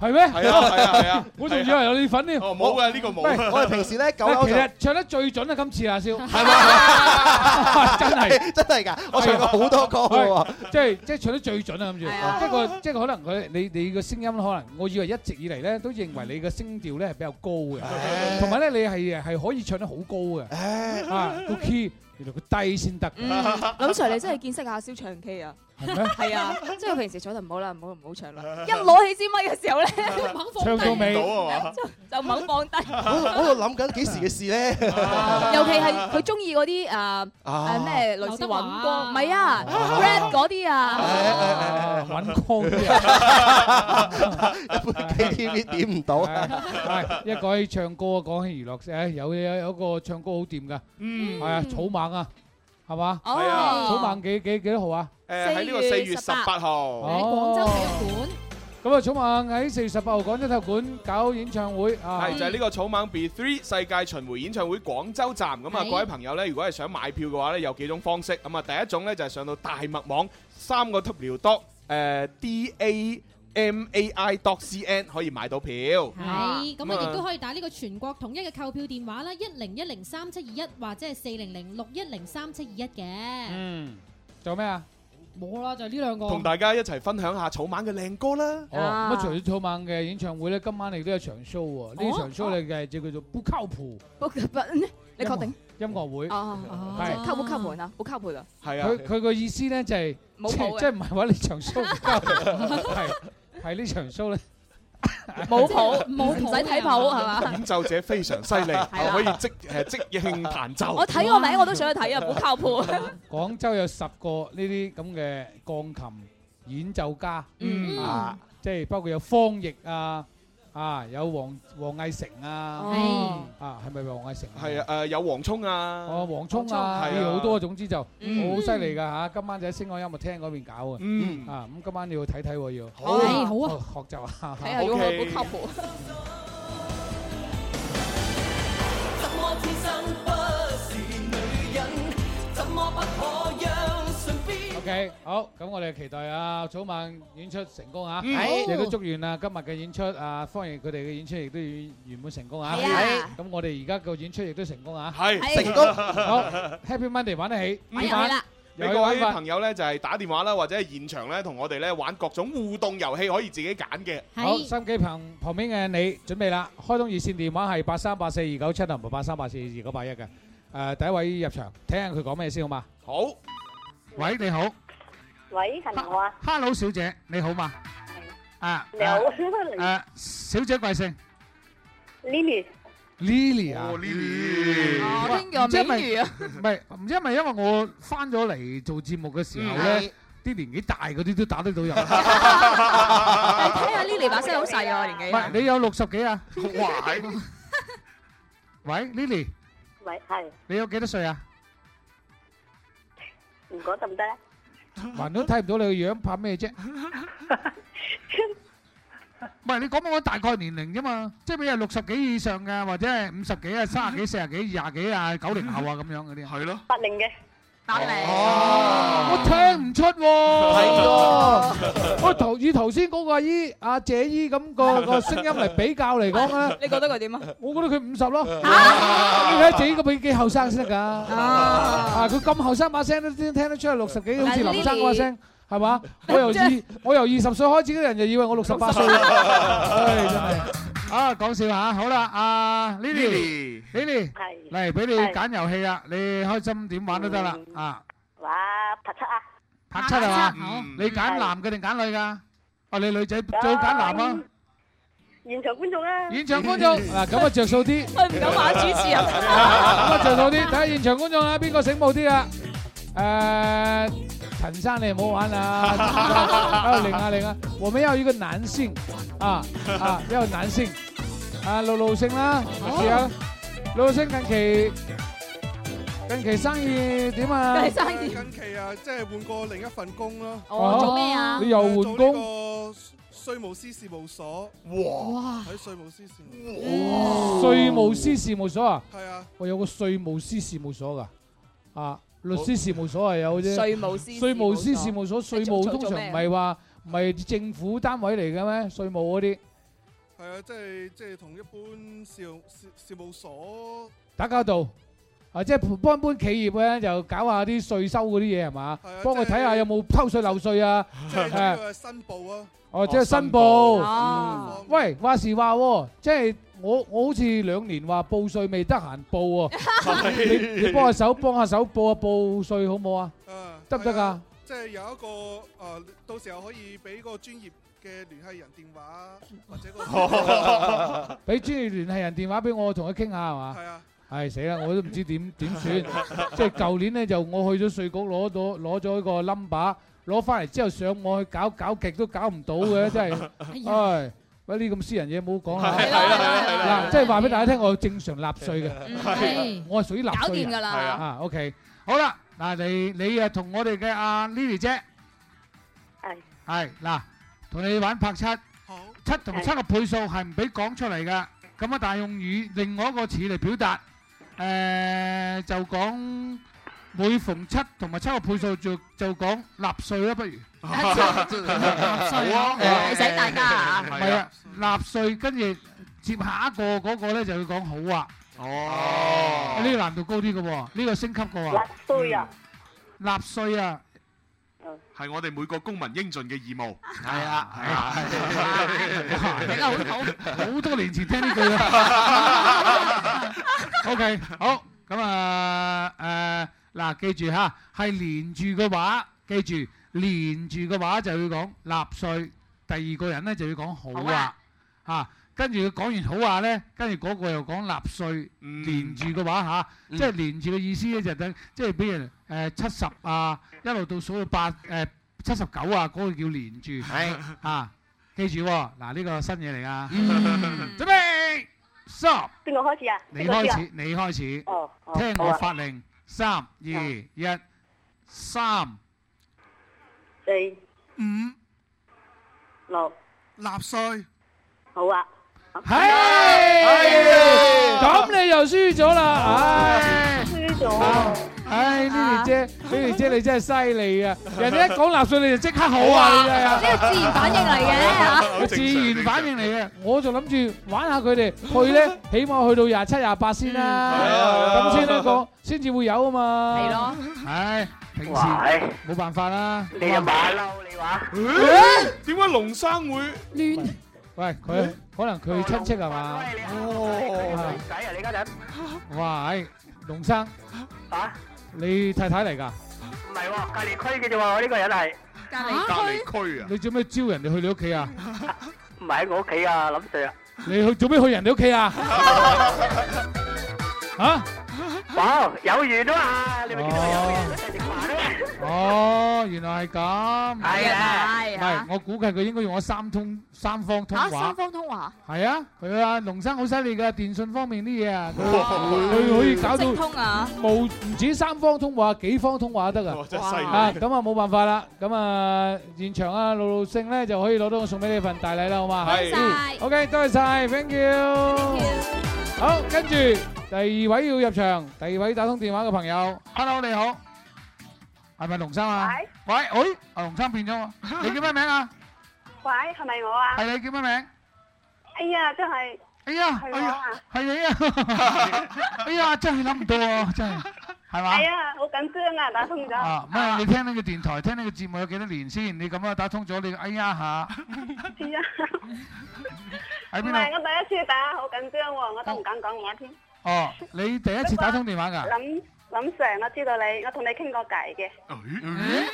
係咩？係啊係啊係啊！我仲以為有你份添。哦，冇嘅呢個冇。我哋平時咧九，其實唱得最準啦，今次阿蕭。係嘛？真係真係㗎！我唱過好多歌嘅喎。即係即係唱得最準啦，諗住。係啊。即係即係可能佢，你你個聲音可能，我以為一直以嚟咧都認為你嘅聲調咧係比較高嘅，同埋咧你係係可以唱得好高嘅。唉。啊，個 key 原來個低先得。嗯。咁，林 Sir 你真係見識阿蕭唱 K 啊！係啊，即係平時坐就唔好啦，唔好唔好唱啦。一攞起支咪嘅時候咧，就猛放低，唱到尾，就猛放低。嗰度嗰度諗緊幾時嘅事咧？尤其係佢中意嗰啲誒誒咩類似尹光，唔係啊，Red 嗰啲啊，尹光啲啊，一般 KTV 點唔到。係，一講起唱歌，講起娛樂，誒有有有一個唱歌好掂㗎，嗯，係啊，草蜢啊。係嘛？係、oh. 啊！草蜢幾幾幾多號啊？誒喺呢個四月十八號喺廣州體育館。咁啊，草蜢喺四月十八號廣州體育館搞演唱會，係、oh. 就係、是、呢個草蜢 Be Three 世界巡迴演唱會廣州站。咁啊，各位朋友咧，如果係想買票嘅話咧，有幾種方式。咁啊，第一種咧就係上到大麥網三個 W dot、uh, 誒 da。mai doccn 可以買到票。係咁啊，亦都可以打呢個全國統一嘅購票電話啦，一零一零三七二一或者係四零零六一零三七二一嘅。嗯，仲有咩啊？冇啦，就呢兩個。同大家一齊分享下草蜢嘅靚歌啦。哦。乜除咗草蜢嘅演唱會咧，今晚你都有場 show 喎？呢場 show 你係只叫做不靠譜。你確定？音樂會哦，即係靠譜？靠譜啊？不靠譜啊？係啊。佢佢個意思咧就係冇保嘅，即係唔係話你長 show 唔靠譜。係。喺呢場 show 咧 母抱，冇 譜冇唔使睇譜係嘛？演奏者非常犀利， 可以即誒 即興應彈奏 。我睇個名我都想去睇啊，好 不靠譜 。廣州有十個呢啲咁嘅鋼琴演奏家，嗯啊，即係包括有方譯啊。啊，有黃黃毅成啊，啊，係咪黃毅成？係啊，誒，有黃聰啊，哦，黃聰啊，係啊，好多，總之就好犀利噶吓，今晚就喺星海音樂廳嗰邊搞啊，嗯，啊，咁今晚你要睇睇，要好，好啊，學習啊，睇下要開唔開壺。好，咁我哋期待阿草蜢演出成功啊！亦都祝願啊，今日嘅演出，歡迎佢哋嘅演出亦都要圓滿成功啊！咁我哋而家個演出亦都成功啊！係成功，好 Happy Monday，玩得起，係啦！有各位朋友咧就係打電話啦，或者現場咧同我哋咧玩各種互動遊戲，可以自己揀嘅。好，收機旁旁邊嘅你準備啦，開通熱線電話係八三八四二九七同埋八三八四二九八一嘅。誒，第一位入場，聽下佢講咩先好嘛？好。喂，你好。喂，係我啊。Hello，小姐，你好嘛？係。啊。有。誒，小姐貴姓？Lily。Lily 啊。哦，Lily。哦，聽講美女啊。唔係，唔知係咪因為我翻咗嚟做節目嘅時候咧，啲年紀大嗰啲都打得到人。你睇下 Lily 把聲好細啊，年紀。唔係，你有六十幾啊？哇！係。喂，Lily。喂，係。你有幾多歲啊？唔講得唔得咧？還都睇唔到你個樣，怕，怕咩啫？唔係你講我大概年齡啫嘛，即係譬如六十幾以上嘅，或者係五十幾啊、三十幾、四十幾、廿幾啊、九零後啊咁樣嗰啲。係咯。八零嘅。啊、我聽唔出喎、哦，我頭、啊、以頭先嗰個阿姨阿謝、啊、姨咁個個聲音嚟比較嚟講咧， 你覺得佢點啊？我覺得佢五十咯，啊啊、你睇謝姨個比幾後生先得㗎。啊，佢咁後生把聲都都聽得出係六十幾，好似林生把聲。這係嘛？我由二我由二十歲開始嘅人就以為我六十八歲唉，真 係啊！講笑下。好啦，阿、啊、Lily，Lily 嚟俾你揀遊戲啊！你開心點玩都得啦、嗯、啊！哇！拍七啊！拍七係、啊、嘛、啊嗯？你揀男嘅定揀女噶、嗯？啊，你女仔最揀男啊！現場觀眾啊！ 現場觀眾啊，咁啊着數啲。唔 敢玩主持人 啊！着數啲，睇下現場觀眾啊，邊個醒目啲啊？誒、啊。陳生你唔好玩啦！啊，另啊另啊，我們有一個男性啊啊，要男性啊，盧盧星啦，好，盧星近期近期生意點啊？近期啊，即係換過另一份工咯。哦，做咩啊？你又換工，個稅務師事務所。哇！喺稅務師事務所。哇！稅務師事務所啊？係啊，我有個稅務師事務所㗎啊。律師事務所係有啫，稅務師、稅務師事務所。稅務通常唔係話，唔係政府單位嚟嘅咩？稅務嗰啲。係啊，即係即係同一般事事事務所打交道。啊，即係幫一般企業咧，就搞下啲稅收嗰啲嘢係嘛，幫佢睇下有冇偷稅漏稅啊。即係申報啊！ 啊即係、哦，即係申報。喂，話時話，即係。我我好似兩年話報稅未得閒報喎，你你幫下手幫下手報下報稅好唔好啊？得唔得㗎？即係有一個誒，到時候可以俾個專業嘅聯繫人電話，或者嗰個俾專業聯繫人電話俾我，同佢傾下係嘛？係啊，唉死啦！我都唔知點點算，即係舊年咧就我去咗稅局攞咗攞咗一個 number，攞翻嚟之後上網去搞搞極都搞唔到嘅，真係唉。嗰啲咁私人嘢唔好講啦，嗱，即係話俾大家聽，我係正常納稅嘅，我係屬於納稅嘅，搞掂㗎啦，係啊，OK，好啦，嗱，你你誒同我哋嘅阿 Lily 姐係係嗱，同你玩拍七，七同七嘅倍數係唔俾講出嚟嘅，咁啊，但係用語另外一個詞嚟表達，誒就講每逢七同埋七嘅倍數就就講納稅啦，不如。納稅，提醒大家啊？係啊，納稅跟住接下一個嗰個咧就要講好啊。哦，呢個難度高啲嘅，呢個升級嘅啊。納稅啊，納稅啊，係我哋每個公民應盡嘅義務。係啊，係啊，係啊，好多年前聽呢句啊。O K，好咁啊，誒，嗱，記住吓，係連住嘅話，記住。連住嘅話就要講納稅，第二個人咧就要講好話，吓、啊啊，跟住佢講完好話咧，跟住嗰個又講納稅，連住嘅話吓、啊嗯，即係連住嘅意思咧就等、是，即係比如誒七十啊一路到數到八誒七十九啊嗰、那個叫連住，係 吓、啊，記住嗱、哦、呢、這個新嘢嚟啊，準備，十、so, 啊，邊個開，開始啊？你開始，你開始，哦、聽我發令，三二一，三、哦。1, 3, 四、五、六，納稅，好啊，係，咁你又輸咗啦，唉，輸咗。唉，呢條姐，呢條姐你真係犀利啊！人哋一講納稅，你就即刻好啊！呢個自然反應嚟嘅嚇，自然反應嚟嘅。我就諗住玩下佢哋去咧，起碼去到廿七廿八先啦，咁先得講，先至會有啊嘛。係咯。唉，平時冇辦法啦。你又馬騮你話？點解龍生會亂？喂，佢可能佢親戚係嘛？喂，你係龍生仔啊？你家陣？哇！唉，龍生嚇。你太太嚟噶？唔係喎，隔離區嘅啫喎，我呢個人係隔離區。區啊，你做咩招人哋去你屋企啊？唔係喺我屋企啊，林 Sir 啊？你去做咩去人哋屋企啊？嚇、 啊！冇有緣啊！你咪見到有緣先打電話咧。哦，原來係咁。係啊。係。唔係，我估計佢應該用咗三通三方通話。啊，三方通話。係啊，佢阿龍生好犀利噶，電信方面啲嘢啊，佢可以搞到。通啊。冇，唔止三方通話，幾方通話得啊？哇！真係犀利。啊，咁啊冇辦法啦，咁啊現場啊路路勝咧就可以攞到我送俾你份大禮啦，好嘛？係。O K，多謝晒，Thank you。好，跟住第二位要入場，第二位打通電話嘅朋友，Hello，你好，係咪龍生啊？喂喂，誒，阿龍生變咗喎，你叫咩名啊？喂，係咪我啊？係你叫咩名？哎呀，真係，哎呀，係我啊，係你啊，哎呀，真係諗唔到啊，真係。係嘛？係啊，好緊張啊！打通咗啊！咩？你聽呢個電台，聽呢個節目有幾多年先？你咁啊，打通咗你哎呀下。係啊。係啊？唔係我第一次打，好緊張喎，我都唔敢講話添。哦，你第一次打通電話㗎？林林成，我知道你，我同你傾過偈嘅。嗯？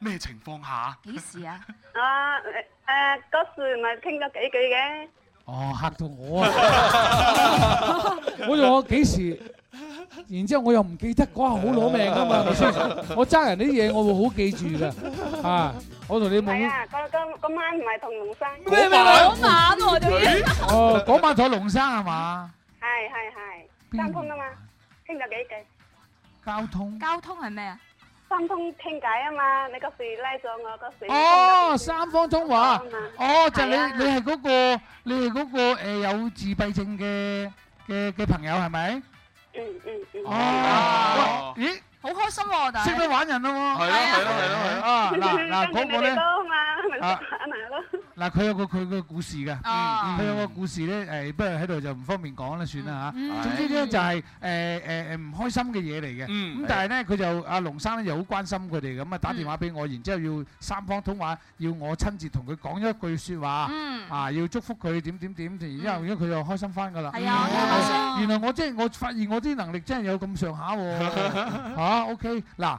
咩情況下？幾時啊？啊誒，嗰時咪傾咗幾句嘅。哦，嚇到我啊！我仲話幾時？然之後我又唔記得，嗰下好攞命㗎嘛？我爭人啲嘢，我會好記住㗎。啊，我同你冇。係啊，今今今晚唔係同龍生。晚，晚說 哦，嗰晚坐龍生係嘛？係係係。三通啊嘛，傾咗幾句？交通。交通係咩啊？三通傾偈啊嘛，你嗰時拉咗我嗰時。哦，三方通話，啊。哦，就係、你 你係嗰、嗰個你係嗰、嗰個、呃、有自閉症嘅嘅嘅朋友係咪？嗯嗯嗯。哦，咦、嗯，好、嗯欸嗯欸、開心喎、啊！識得玩人咯、啊、喎。係咯係咯係咯。啊，嗱嗱，我我你嗱佢有個佢個故事嘅，佢、嗯嗯、有個故事咧誒、哎，不過喺度就唔方便講啦，算啦嚇、啊嗯。總之咧就係誒誒誒唔開心嘅嘢嚟嘅。咁、嗯、但係咧佢就阿龍生咧又好關心佢哋咁啊，打電話俾我，然之後要三方通話，要我親自同佢講一句説話、嗯、啊，要祝福佢點點點，然之後而家佢又開心翻噶啦。係、嗯、啊，哦、原來我即、就、係、是、我發現我啲能力真係有咁上下喎嚇。OK，嗱。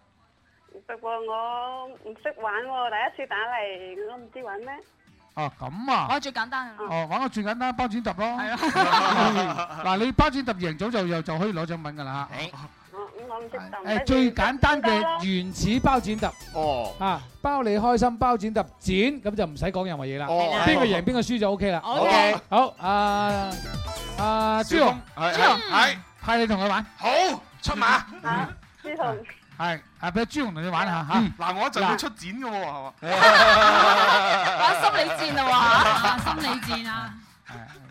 不過我唔識玩喎，第一次打嚟，我都唔知玩咩。哦，咁啊，玩最簡單。哦，玩個最簡單包剪揼咯。係啊。嗱，你包剪揼贏咗就又就可以攞獎品噶啦吓。誒。我我唔識揼。誒，最簡單嘅原始包剪揼。哦。啊，包你開心包剪揼剪，咁就唔使講任何嘢啦。哦。邊個贏邊個輸就 OK 啦。OK。好，阿阿朱龍，朱龍係派你同佢玩。好，出馬。朱龍。係，阿俾阿朱紅同你玩下吓。嗱，我一陣要出剪嘅，係嘛？玩心理戰啊！哇，心理戰啊！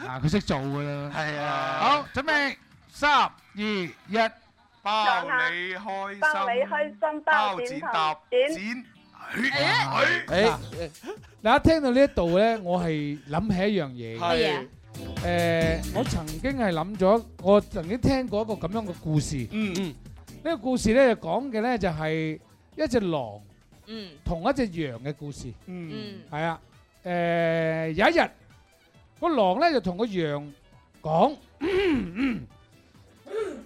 嗱，佢識做噶啦。係啊。好，準備三二一，包你開心，包你開心，包剪揼剪。係啊！嗱，聽到呢一度咧，我係諗起一樣嘢。係啊。誒，我曾經係諗咗，我曾經聽過一個咁樣嘅故事。嗯嗯。呢個故事咧就講嘅咧就係一隻狼，嗯，同一隻羊嘅故事，嗯，係啊，誒、呃、有一日，個狼咧就同個羊講，嗯嗯嗯，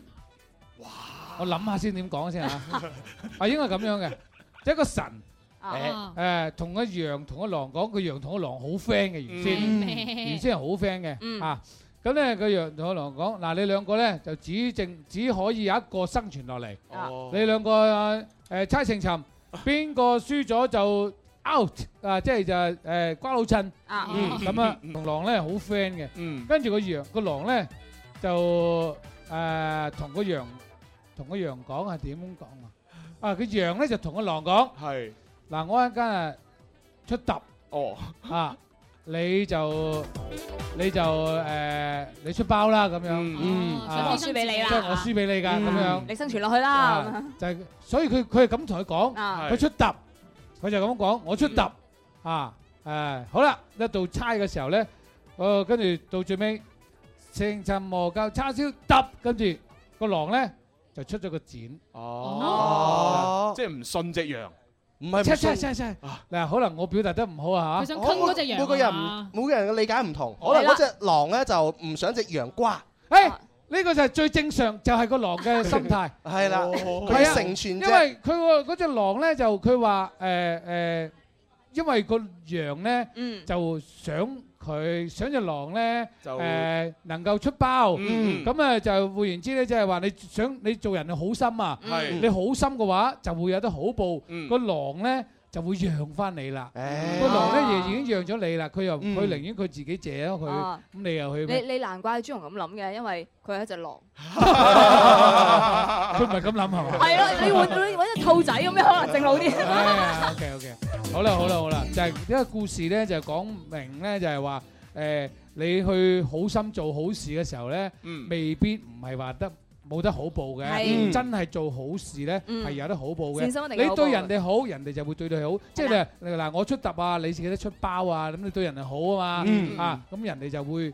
哇，我諗下先點講先啊，啊應該咁樣嘅，即係，一個神，誒、啊哦呃，同個羊同個狼講，個羊同個狼好 friend 嘅原先，原先係好 friend 嘅，啊。咁咧個羊同個狼講，嗱，你兩個咧就只剩只可以有一個生存落嚟。你兩個誒猜情尋，邊個輸咗就 out 啊！即係就誒瓜老襯，嗯咁啊同狼咧好 friend 嘅。跟住個羊個狼咧就誒同個羊同個羊講係點樣講啊？啊，個羊咧就同個狼講，嗱，我一陣間出揼，嚇。你就你就、呃、你出包啦咁樣，嗯，嗯，啊，即係我輸俾你咁、嗯、樣你生存落去啦、啊，就係、所以佢佢係咁同佢講，佢、啊、出揼，佢就咁講，我出揼、嗯，啊，啊好啦，一到猜嘅時候咧，跟、呃、住到最尾，成層磨教叉燒揼，跟住個狼咧就出咗個剪，哦，哦哦啊、即係唔信隻羊。唔係，唔係，唔係，嗱，可能我表達得唔好啊佢想嚇，每個人每個人嘅理解唔同、啊，可能嗰隻狼咧就唔想隻羊瓜。誒、啊，呢、欸呢個就係最正常，就係、是、個狼嘅心態，係、啊、啦，佢、 啊 啊、成全因為佢個嗰隻狼咧就佢話誒誒，因為,佢隻狼呢佢話、呃呃、因為個羊咧、嗯、就想。佢想隻狼咧，就誒、嗯呃、能夠出包，咁、嗯、咧就換言之咧，即係話你想你做人好心啊，嗯、你好心嘅話就會有得好報。嗯、個狼咧。就會讓返你啦，個狼咧亦已經讓咗你啦，佢又佢寧願佢自己借咗佢，咁你又去？你你難怪朱紅咁諗嘅，因為佢係一隻狼。佢唔係咁諗係嘛？係咯，你換你揾隻兔仔咁樣可能整好啲？OK OK，好啦好啦好啦，就係呢個故事咧就講明咧就係話，誒你去好心做好事嘅時候咧，未必唔係話得。冇得好報嘅，真係做好事咧，係有得好報嘅。你對人哋好人哋就會對你好，即係你嗱我出揼啊，你自己得出包啊，咁你對人哋好啊嘛，啊咁人哋就會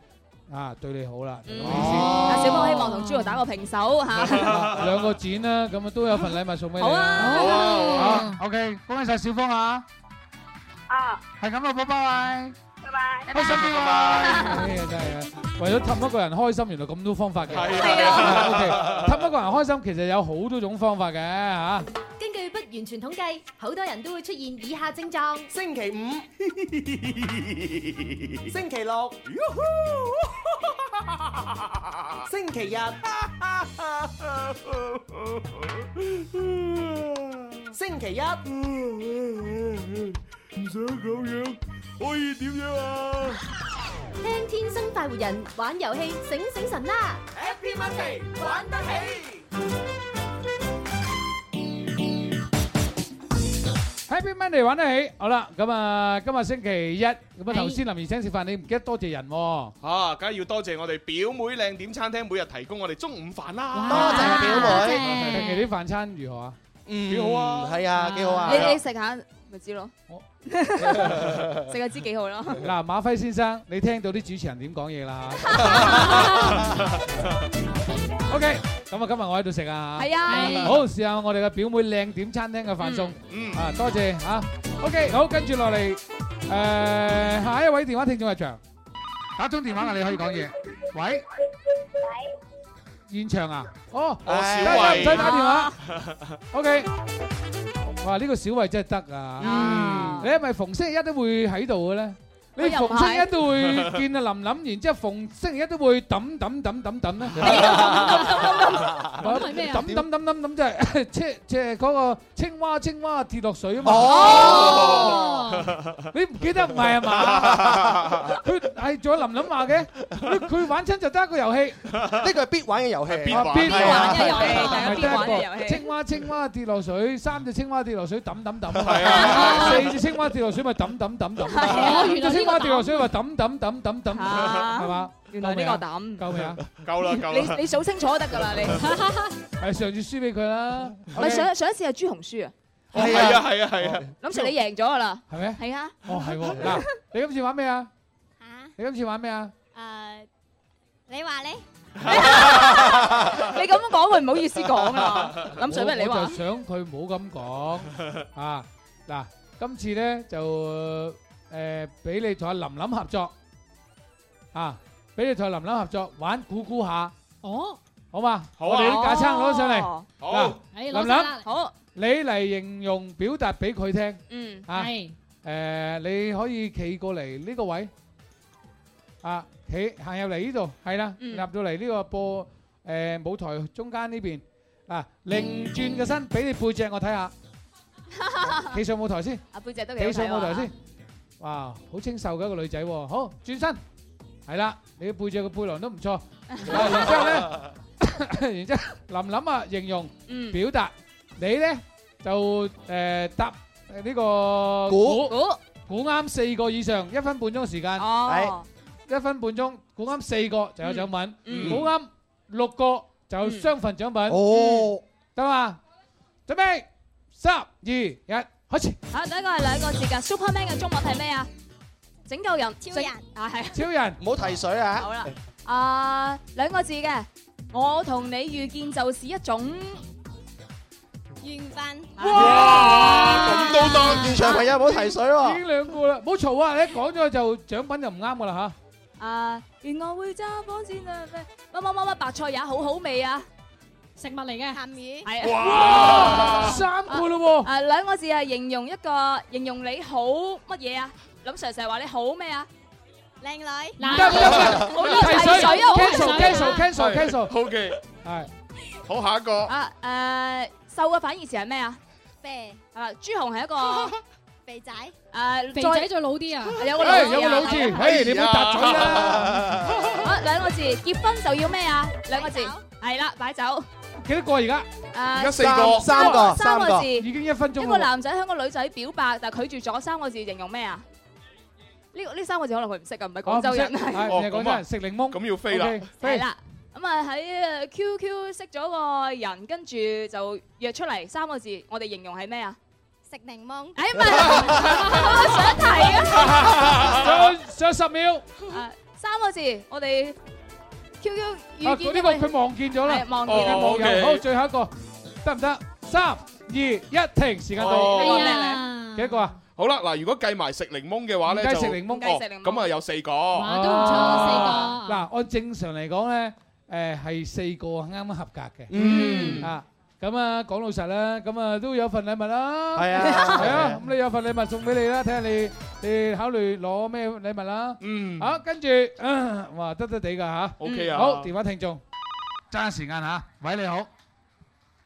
啊對你好啦，明唔明先？小方希望同朱浩打個平手嚇，兩個剪啦，咁啊都有份禮物送俾你啦。好啊，OK，恭喜曬小方嚇，啊係咁啊，拜拜。開心啲喎！真係嘅，為咗氹一個人開心，原來咁多方法嘅。係啊，OK。氹一個人開心，其實有好多種方法嘅吓。根據不完全統計，好多人都會出現以下症狀：星期五，星期六，星期日，星期一，唔想咁樣。可以點樣啊？聽天生快活人玩遊戲醒醒神啦！Happy Monday 玩得起，Happy Monday 玩得起。好啦，咁啊，今日星期一咁啊，頭先林如請食飯，你唔記得多謝人，吓梗係要多謝我哋表妹靚點餐廳每日提供我哋中午飯啦。多謝表妹，多謝你啲飯餐如何啊？嗯，幾好啊，係啊，幾好啊。你你食下咪知咯。食下知幾好咯！嗱，馬輝先生，你聽到啲主持人點講嘢啦？OK，咁啊，今日我喺度食啊，係啊，好試下我哋嘅表妹靚點餐廳嘅飯餸，嗯啊，多謝嚇。OK，好，跟住落嚟，誒下一位電話聽眾入場，打緊電話嘅你可以講嘢。喂，喂，現場啊？哦，小維，唔使打電話。OK。哇！呢、這個小慧真係得啊，嗯、你係咪逢星期一都會喺度嘅呢？你逢星期一都會見啊琳琳，然之後逢星期一都會揼揼揼揼揼咧。你又揼揼揼揼揼，嗰個係咩啊？揼揼揼揼揼就係即即係嗰個青蛙青蛙跌落水啊嘛。哦，你唔記得唔係啊嘛？佢係仲有琳琳話嘅，佢玩親就得一個遊戲，呢個係必玩嘅遊戲。必玩嘅遊戲，大家必玩嘅遊戲。青蛙青蛙跌落水，三隻青蛙跌落水揼揼揼，係啊，四隻青蛙跌落水咪揼揼揼揼。哦，原來。呢個掉落水話抌抌抌抌抌，係嘛？原來呢個抌夠未啊？夠啦，夠啦。你你數清楚得噶啦，你係上次輸俾佢啦。咪上上一次係朱紅輸啊？係啊係啊係啊。諗住你贏咗噶啦。係咩？係啊。哦係喎。嗱，你今次玩咩啊？啊？你今次玩咩啊？誒，你話咧？你咁樣講會唔好意思講啊？諗住咩？你話？想佢唔好咁講啊！嗱，今次咧就。誒，俾你同阿林林合作啊！俾你同林林合作玩估估下哦，好嘛？我哋啲架撐攞上嚟。好，林林，好，你嚟形容表達俾佢聽。嗯，係誒，你可以企過嚟呢個位啊，企行入嚟呢度，係啦，入到嚟呢個播誒舞台中間呢邊啊，擰轉個身，俾你背脊我睇下。企上舞台先。阿背脊都幾靚啊！企上舞台先。哇，好清秀嘅一個女仔，好轉身，係啦，你嘅背脊嘅背囊都唔錯，然之後咧，然之後林林啊，形容，嗯，表達，你咧就誒答誒呢個估估估啱四個以上一分半鐘時間，係一分半鐘估啱四個就有獎品，估啱六個就有雙份獎品，得嘛？準備，三二一。開始，啊，第一個係兩個字噶，Superman 嘅中文係咩啊？拯救人，超人，啊係，超人，唔好提水啊！好啦，啊兩個字嘅，我同你遇見就是一種緣分。哇，咁都當，現場朋友唔好提水喎。已經兩個啦，唔好嘈啊！你一講咗就獎品就唔啱噶啦嚇。啊，田螺燴炒火箭，乜乜乜乜白菜也好好味啊！食物嚟嘅鹹魚，係啊，哇，三個咯喎。啊，兩個字係形容一個形容你好乜嘢啊？林 Sir 成日話你好咩啊？靚女。唔得唔得唔得，好水啊好水啊。cancel cancel cancel cancel，好嘅，係，好下一個。啊誒，瘦嘅反義詞係咩啊？肥係嘛？朱紅係一個肥仔。誒，肥仔再老啲啊？有個女？有個女字？哎，你唔好答咗啦。啊，兩個字，結婚就要咩啊？兩個字係啦，擺酒。幾多個而家？啊，而家四個，三個，三個，三個字，已經一分鐘。一個男仔向個女仔表白，但拒絕咗，三個字形容咩啊？呢呢三個字可能佢唔識啊，唔係廣州人啊。哦，廣州人食檸檬，咁要飛啦。飛啦。咁啊喺 QQ 識咗個人，跟住就約出嚟，三個字我哋形容係咩啊？食檸檬。哎呀，唔係，我想提啊。上十秒。啊，三個字我哋。QQ 遇見，呢個佢望見咗啦，望見佢望見。好，最後一個得唔得？三二一，停，時間到。係啊，幾多個啊？好啦，嗱，如果計埋食檸檬嘅話咧，計食檸檬，計食檸檬，咁啊有四個，都唔錯，四個。嗱，按正常嚟講咧，誒係四個啱啱合格嘅，嗯啊。咁啊，講老實啦，咁啊都有份禮物啦，係啊，係啊，咁你有份禮物送俾你啦，睇下你你考慮攞咩禮物啦，嗯，好，跟住，哇，得得地噶吓，O K 啊，好，電話聽眾，揸下時間吓，喂，你好，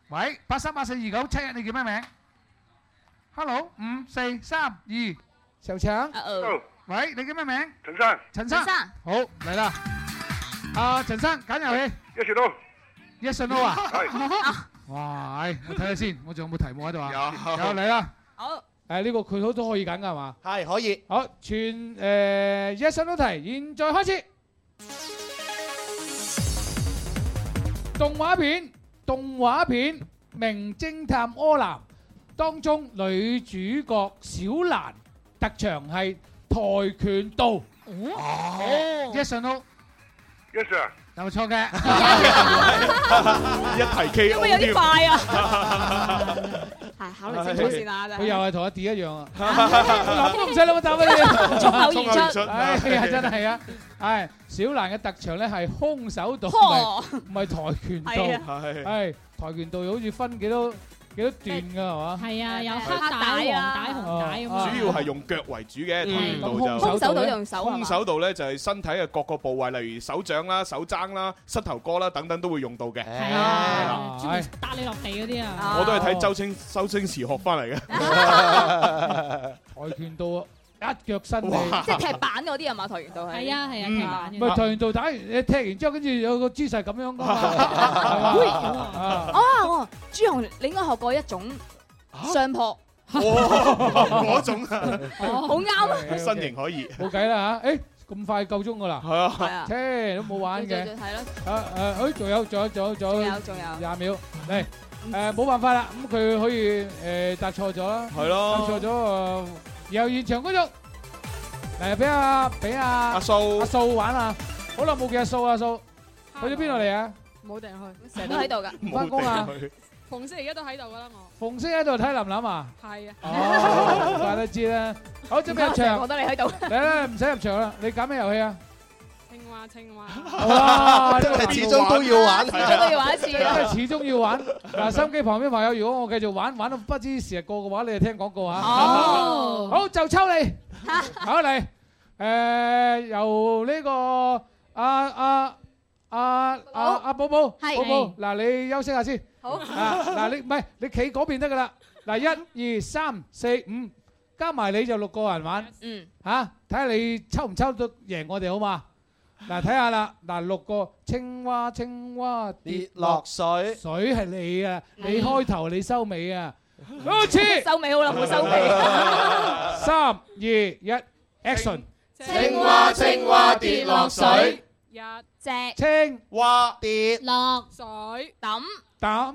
喂，八三八四二九七一，你叫咩名？Hello，五四三二，小強，喂，你叫咩名？陳生，陳生，好，嚟啦。阿陳生揀遊戲，Yes No，Yes No 啊，係。哇！我睇下先，我仲有冇題目喺度啊？有，有嚟啦！好，誒呢個佢好都可以揀㗎，係嘛？係，可以。好，全誒，Yes or no，現在開始。動畫片，動畫片《名偵探柯南》當中女主角小蘭特長係跆拳道。哦，Yes or no，Yes。有冇錯嘅？一題 K，因為有啲快啊，係考慮清楚先啦，真係。佢又係同阿 D 一樣啊！諗都唔使諗，答啊你！衝口而出，係真係係啊！係小蘭嘅特長咧係空手道，唔係跆拳道。係啊，係跆拳道好似分幾多？幾多段噶係嘛？係啊，有黑帶，有帶，帶啊，帶紅帶咁、啊。主要係用腳為主嘅，跆、嗯、拳道就。嗯、空手道，呢空手道就用手。空手道咧就係身體嘅各、啊、各個部位，例如手掌啦、手踭啦、膝頭哥啦等等都會用到嘅。係啊，啊，啊，專門打你落地嗰啲啊！我都係睇周星周星馳學翻嚟嘅。跆、啊、 拳道。一腳伸脷，即係踢板嗰啲啊嘛，跆拳道係。係啊係啊，踢板。咪跆拳道打完，你踢完之後，跟住有個姿勢咁樣噶嘛。啊，朱紅，你應該學過一種上撲。嗰種啊，好啱。身形可以，冇計啦嚇。誒，咁快夠鐘㗎啦。係啊。係啊。誒，都冇玩嘅。係咯。誒誒，誒，仲有仲有仲有。仲有仲有。廿秒。嚟，誒，冇辦法啦。咁佢可以誒答錯咗。係咯。答錯咗啊！由現場觀眾嚟俾阿俾阿阿素阿素玩啊！好耐冇見阿素阿素，去咗邊度嚟啊？冇定去，成日都喺度噶。翻工啊？馮生而家都喺度噶啦我。馮生喺度睇林林啊？係啊。哦，我都知啦。好，準備入場。我覺得你喺度。嚟啦，唔使入場啦。你揀咩遊戲啊？清嘛，哇！即係我哋始終都要玩，始終都要玩一次，因為始終要玩。嗱，收音機旁邊朋友，如果我繼續玩玩到不知時日過嘅話，你就聽廣告啊。好，好就抽你，好啦，嚟誒，由呢個阿阿阿阿阿寶寶，係寶寶，嗱你休息下先，好啊，嗱你唔係你企嗰邊得噶啦。嗱，一二三四五，加埋你就六個人玩，嗯，吓睇下你抽唔抽到贏我哋好嘛？嗱睇下啦，嗱六個青蛙，青蛙跌落水，水係你啊，你開頭你收尾啊，開始收尾好啦，冇收尾，三二一，action，青蛙青蛙跌落水，一隻青蛙跌落水，揼揼。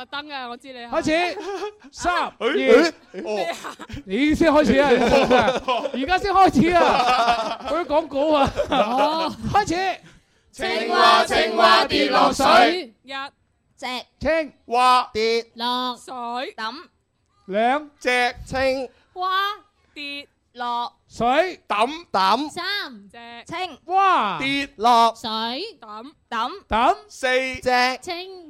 特登噶，我知你。開始，三二，你先開始啊！而家先開始啊！我要講稿啊！開始，青蛙、青蛙跌落水，一隻青蛙跌落水揼，兩隻青蛙跌落水揼揼，三隻青蛙跌落水揼揼揼，四隻青。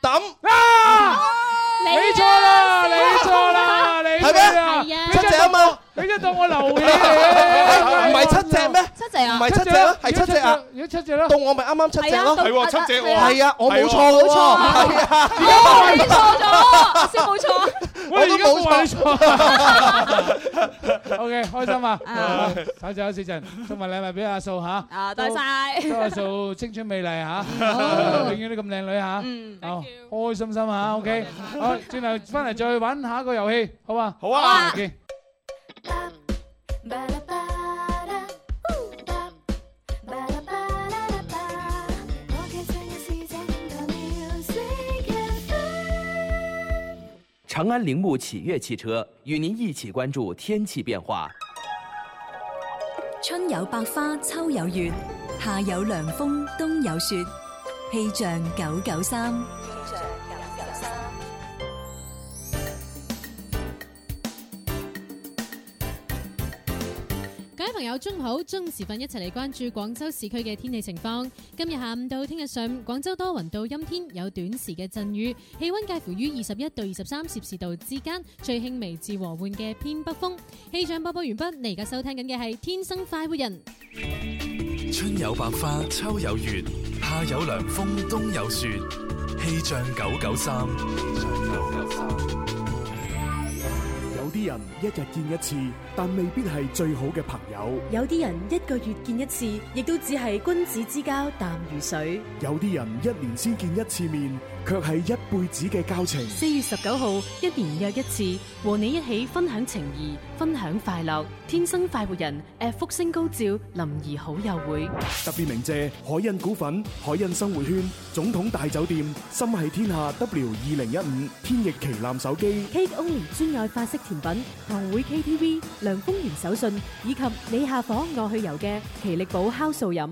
抌，你錯啦，你錯啦，你錯啦，係咩？七仔啊！你又當我留意啊？唔係七隻咩？七隻啊！唔係七隻咯，係七隻啊！如果七隻啦。到我咪啱啱七隻咯。係啊，七隻我係啊，我冇錯，冇錯。哦，你錯咗先冇錯。我依家冇錯。O K，開心啊！稍事休息一陣，送埋禮物俾阿素吓。啊，多謝。祝阿素青春美麗吓，永遠都咁靚女吓。好，開開心心吓。O K，好，轉頭翻嚟再玩下一個遊戲，好嘛？好啊，再見。長安鈴木啟悅汽車與您一起關注天氣變化。春有百花，秋有月，夏有涼風，冬有雪。氣象九九三。有中午好，中午時分一齊嚟，關注廣州市區嘅天氣情況。今日下午到聽日上午，廣州多雲到陰天，有短時嘅陣雨，氣溫介乎於二十一到二十三攝氏度之間，最輕微至和緩嘅偏北風。氣象播報完畢，你而家收聽緊嘅係《天生快活人》。春有白花，秋有月，夏有涼風，冬有雪。氣象九九三。有啲人一日見一次，但未必係最好嘅朋友；有啲人一個月見一次，亦都只係君子之交淡如水；有啲人一年先見一次面。卻係一輩子嘅交情。四月十九號，一年約一次，和你一起分享情誼，分享快樂。天生快活人，福星高照，臨兒好友會。特別鳴謝海印股份、海印生活圈、總統大酒店、心繫天下 W 二零一五、天翼旗艦手機、Kate Only 專愛法式甜品、同會 KTV、涼風園手信以及你下火我去游嘅奇力寶酵素飲。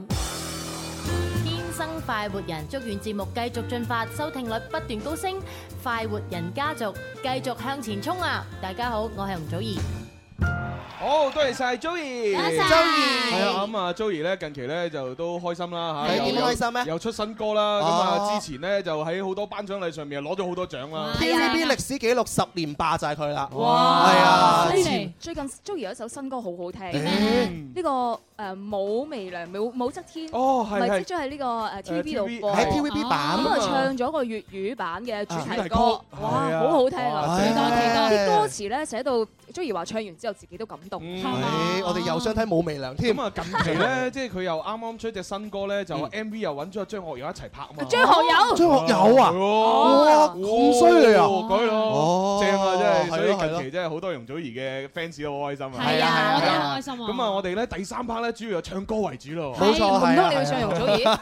生快活人，祝願節目繼續進發，收聽率不斷高升，快活人家族繼續向前衝啊！大家好，我係洪祖兒。好、oh, yeah, right.，多謝晒 Joey Joey 係啊，咁啊 Joey 咧，近期咧就都開心啦吓，點、yeah. 開心咧？又出新歌啦，咁、oh. 啊之前咧就喺好多頒獎禮上面攞咗好多獎啦。TVB 歷史紀錄十年霸晒佢啦，係、wow. 啊、wow. yeah,。之前最近 Joey 有一首新歌好好聽，呢、這個誒《武媚娘》武武則天哦，係、oh, 係，即係喺呢個誒 TVB 度 TV, 播喺 TVB 版咁啊、oh, 嗯，唱咗個粵語版嘅主題歌，uh, 啊、歌哇，好、yeah. 好聽啊！Oh, 其其歌詞呢，啲歌詞咧寫到。容祖兒話唱完之後自己都感動，嗯哎、我哋又想睇武媚娘添。咁啊，啊近期咧， 即係佢又啱啱出隻新歌咧，就 MV 又揾咗張學友一齊拍。張學友、哦，張學友啊，咁犀利啊哦哦哦，哦，正啊、哦、真係，所以近期真係好多容祖兒嘅 fans 都好開心啊。係啊，我哋好開心啊。咁啊，我哋咧第三 part 咧主要係唱歌為主咯。冇錯，唔通你要唱容祖兒。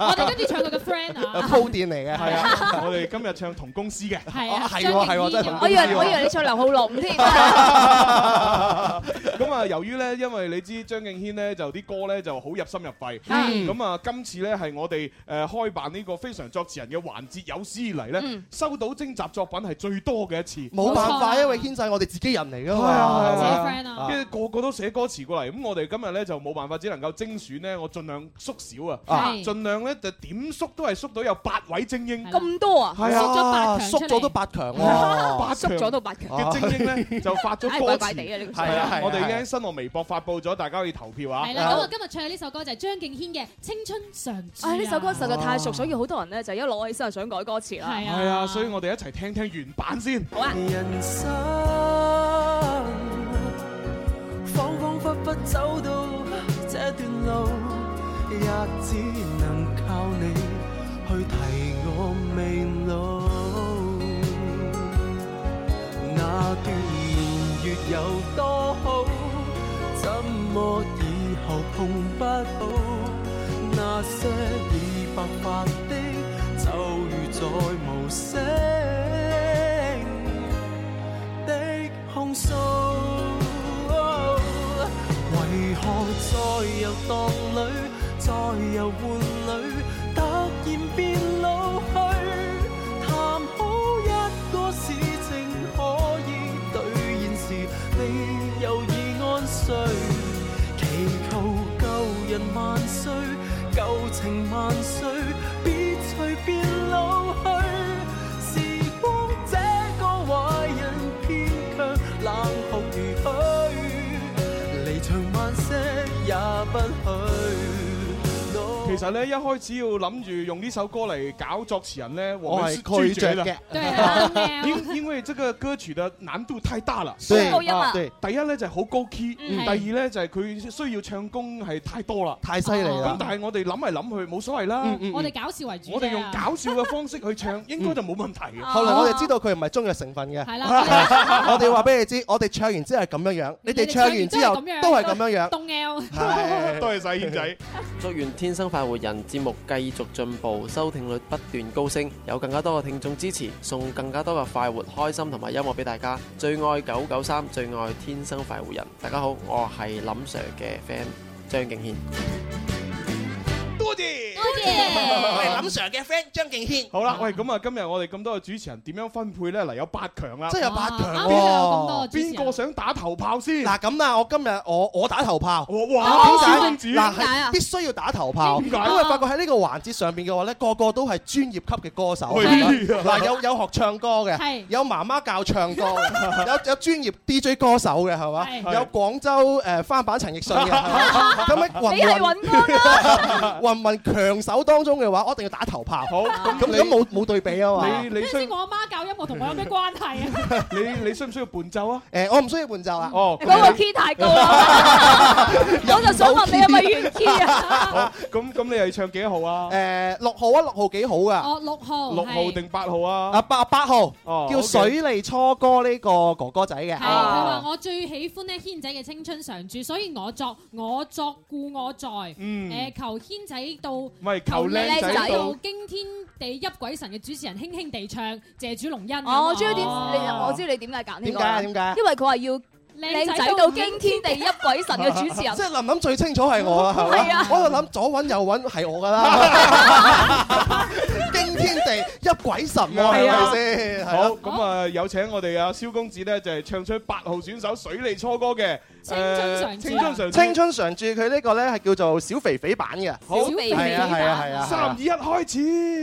我哋跟住唱佢嘅 Friend 啊，鋪墊嚟嘅。係啊，我哋今日唱同公司嘅。係啊，真係我以為我以為你唱劉浩龍添。咁 啊，由於咧，因為你知張敬軒呢，就啲歌咧就好入心入肺。咁、嗯、啊、嗯嗯，今次咧係我哋誒開辦呢個非常作詞人嘅環節，有史以嚟咧收到徵集作品係最多嘅一次。冇、啊、辦法，因為軒仔我哋自己人嚟噶嘛，因、啊、為、啊啊啊啊、個個都寫歌詞過嚟。咁我哋今日咧就冇辦法只能夠精選我盡、啊、盡呢。我盡量縮少啊，盡量咧就點縮都係縮到有八位精英。咁、啊、多啊？縮咗八強，縮咗都八強、啊，八 縮咗都八強嘅精英咧 就。發咗歌詞，係啦係，我哋已經喺新浪微博發布咗，大家可以投票啊！係啦，咁啊，今日唱嘅呢首歌就係張敬軒嘅《青春常駐》啊。呢首歌實在太熟，所以好多人呢就一攞起身就想改歌詞啦。係啊，係啊，所以我哋一齊聽聽原版先。好啊。人生恍恍惚惚走到這段路，也只能靠你去提我未老有多好，怎麼以後碰不到那些已白髮的，就如在無聲的控訴。為何在遊蕩裏，在遊玩裏，突然變命萬歲，別隨便老去。時光這個壞人偏，偏卻冷酷如許，離場晚些也不許。其實咧，一開始要諗住用呢首歌嚟搞作詞人咧，我係拒絕嘅。因 因為這個歌曲嘅難度太大啦，以、啊、第一咧就係、是、好高 key，、嗯、第二咧就係、是、佢需要唱功係太多啦，太犀利啦。咁、啊、但係我哋諗嚟諗去冇所謂啦、嗯，我哋搞笑為主，我哋用搞笑嘅方式去唱， 應該就冇問題。後來我哋知道佢唔係中藥成分嘅，係 啦。 我哋話俾你知，我哋唱完之後係咁樣樣，你哋唱完之後都係咁樣樣，多謝細仔，祝 願 天生快活人節目繼續進步，收聽率不斷高升，有更加多嘅聽眾支持，送更加多嘅快活、開心同埋音樂俾大家。最愛九九三，最愛天生快活人。大家好，我係林 Sir 嘅 fan 張敬軒。多謝。Yeah. 我係林 Sir 嘅 friend 張敬軒，好啦，喂，咁啊，今日我哋咁多嘅主持人點樣分配咧？嗱，有八強啊，即係有八強喎，邊個想打頭炮先？嗱、啊，咁啊，我今日我我打頭炮，哇，點解？啊子啊、必須要打頭炮，為因為發覺喺呢個環節上邊嘅話咧，個個都係專業級嘅歌手，嗱、啊，有有學唱歌嘅，有媽媽教唱歌嘅，有有專業 DJ 歌手嘅，係嘛？有廣州誒翻版陳奕迅嘅，有你是、啊、雲雲強？手當中嘅話，我一定要打頭炮。好咁咁冇冇對比啊嘛。你你知我阿媽教音樂同我有咩關係啊？ 你你需唔需要伴奏啊？誒、呃，我唔需要伴奏啊。哦，嗰、那個 key 太高啊， 我就想問你係咪原 key 啊？咁咁你係唱幾號啊？誒、呃、六號啊，六號幾好啊？哦，六號。六號定八號啊？啊八八號、哦。叫水利初歌」呢個哥哥仔嘅。係佢話我最喜歡呢軒仔嘅青春常駐，所以我作我作故我在。嗯。呃、求軒仔到。求女仔到驚天地泣鬼神嘅主持人，輕輕地唱謝主隆恩。哦。哦，我知道你點解揀呢個？點解？點解？因為佢話要。靚仔到驚天地泣鬼神嘅主持人，即係林林最清楚係我啊！係啊！我喺度諗左揾右揾係我噶啦！驚天地泣鬼神啊！係咪先？好咁啊！有請我哋阿蕭公子咧，就係唱出八號選手水利初歌嘅《青春常駐》。青春常駐，青春常駐。佢呢個咧係叫做小肥肥版嘅。小肥肥版，係啊！三二一開始，誒誒，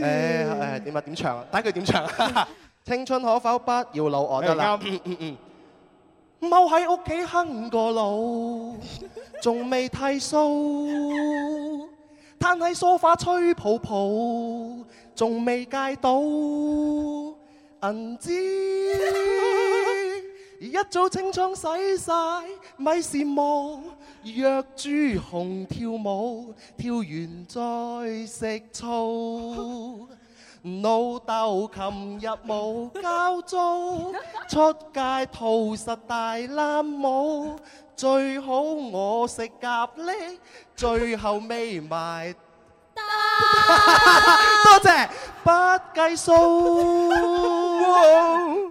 點乜點唱？等佢點唱啊！青春可否不要老我得啦？踎喺屋企哼過路仲未剃鬚，攤喺梳化吹泡泡，仲未戒到銀紙 一早清倉洗晒，咪羨慕，約豬紅跳舞，跳完再食醋。老豆琴日冇交租，出街淘實大爛帽，最好我食咖喱，最後未埋 多謝，不計數。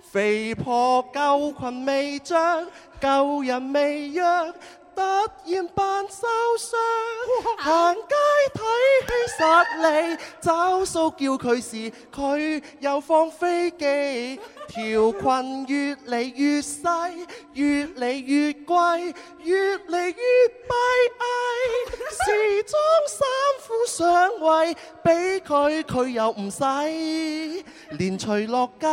肥婆舊裙未着，舊人未約，突然扮受傷，行街睇戲實里，找數叫佢時，佢又放飛機。條裙越嚟越細，越嚟越貴，越嚟越閉翳。時裝衫褲上位，俾佢佢又唔使，連除落街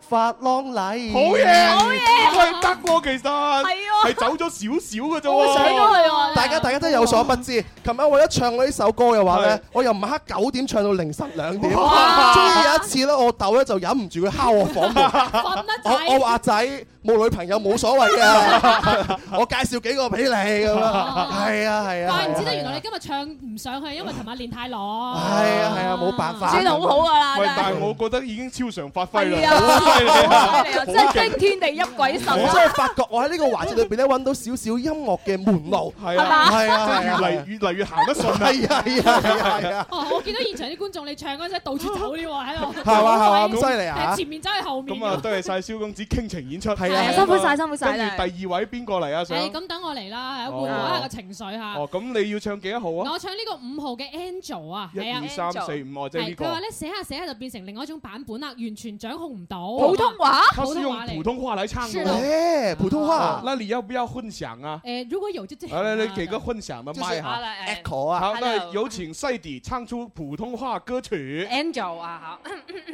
發浪禮。好嘢，好嘢，得喎，其實係、 啊、走咗少少嘅啫。哇哇大家大家真係有所不知，琴哇晚我一唱呢首歌嘅話呢，是我由晚黑九點唱到凌晨兩點。哇終於有一次呢，我豆呢就忍唔住去敲我房門， 瞓得起我我話仔。冇女朋友冇所謂嘅，我介紹幾個俾你咁啊。係啊係啊。怪唔之得，原來你今日唱唔上去，因為琴日練太耐。係啊係啊，冇辦法。算好好㗎啦。喂，但係我覺得已經超常發揮啦，好犀利。係啊，真係驚天地泣鬼神。我真係發覺，我喺呢個環節裏邊咧揾到少少音樂嘅門路，係啊，係啊，越嚟越嚟越行得順。係啊係啊係啊。哦，我見到現場啲觀眾，你唱嗰陣到處走啲喎喺度，係嘛咁犀利啊！前面走去後面。咁啊，多謝晒蕭公子傾情演出。辛苦晒，辛苦晒。嗯、跟住第二位邊個嚟啊？想咁等我嚟啦，換下個情緒嚇？哦，咁你要唱幾號啊？我唱呢個五號嘅 Angel 啊，係啊三四五，即係佢話咧寫下寫下就變成另外一種版本啦，完全掌控唔到。普通話，佢要用普通話嚟唱嘅、欸，普通話。那你要不要混響啊？誒、欸，如果有即最。來來來，給個混響、啊，咪、就、賣、是、下、uh, echo 啊。好，那有請賽迪唱出普通話歌曲。Angel 啊，好。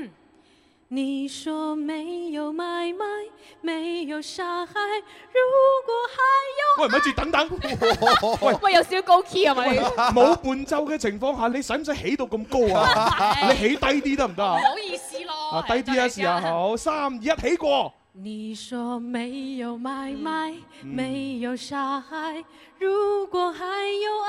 你說沒有買賣，沒有殺害。如果還有愛。喂，咪住，等等。喂，有少少高 key 係咪？冇伴奏嘅情況下，你使唔使起到咁高啊？你起低啲得唔得啊？唔好意思咯，低啲啊，試下，好。三二一起過。你說沒有買賣，沒有殺害。如果還有愛，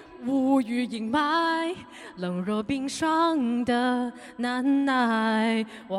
烏雲陰霾，冷若冰霜的難耐。哇！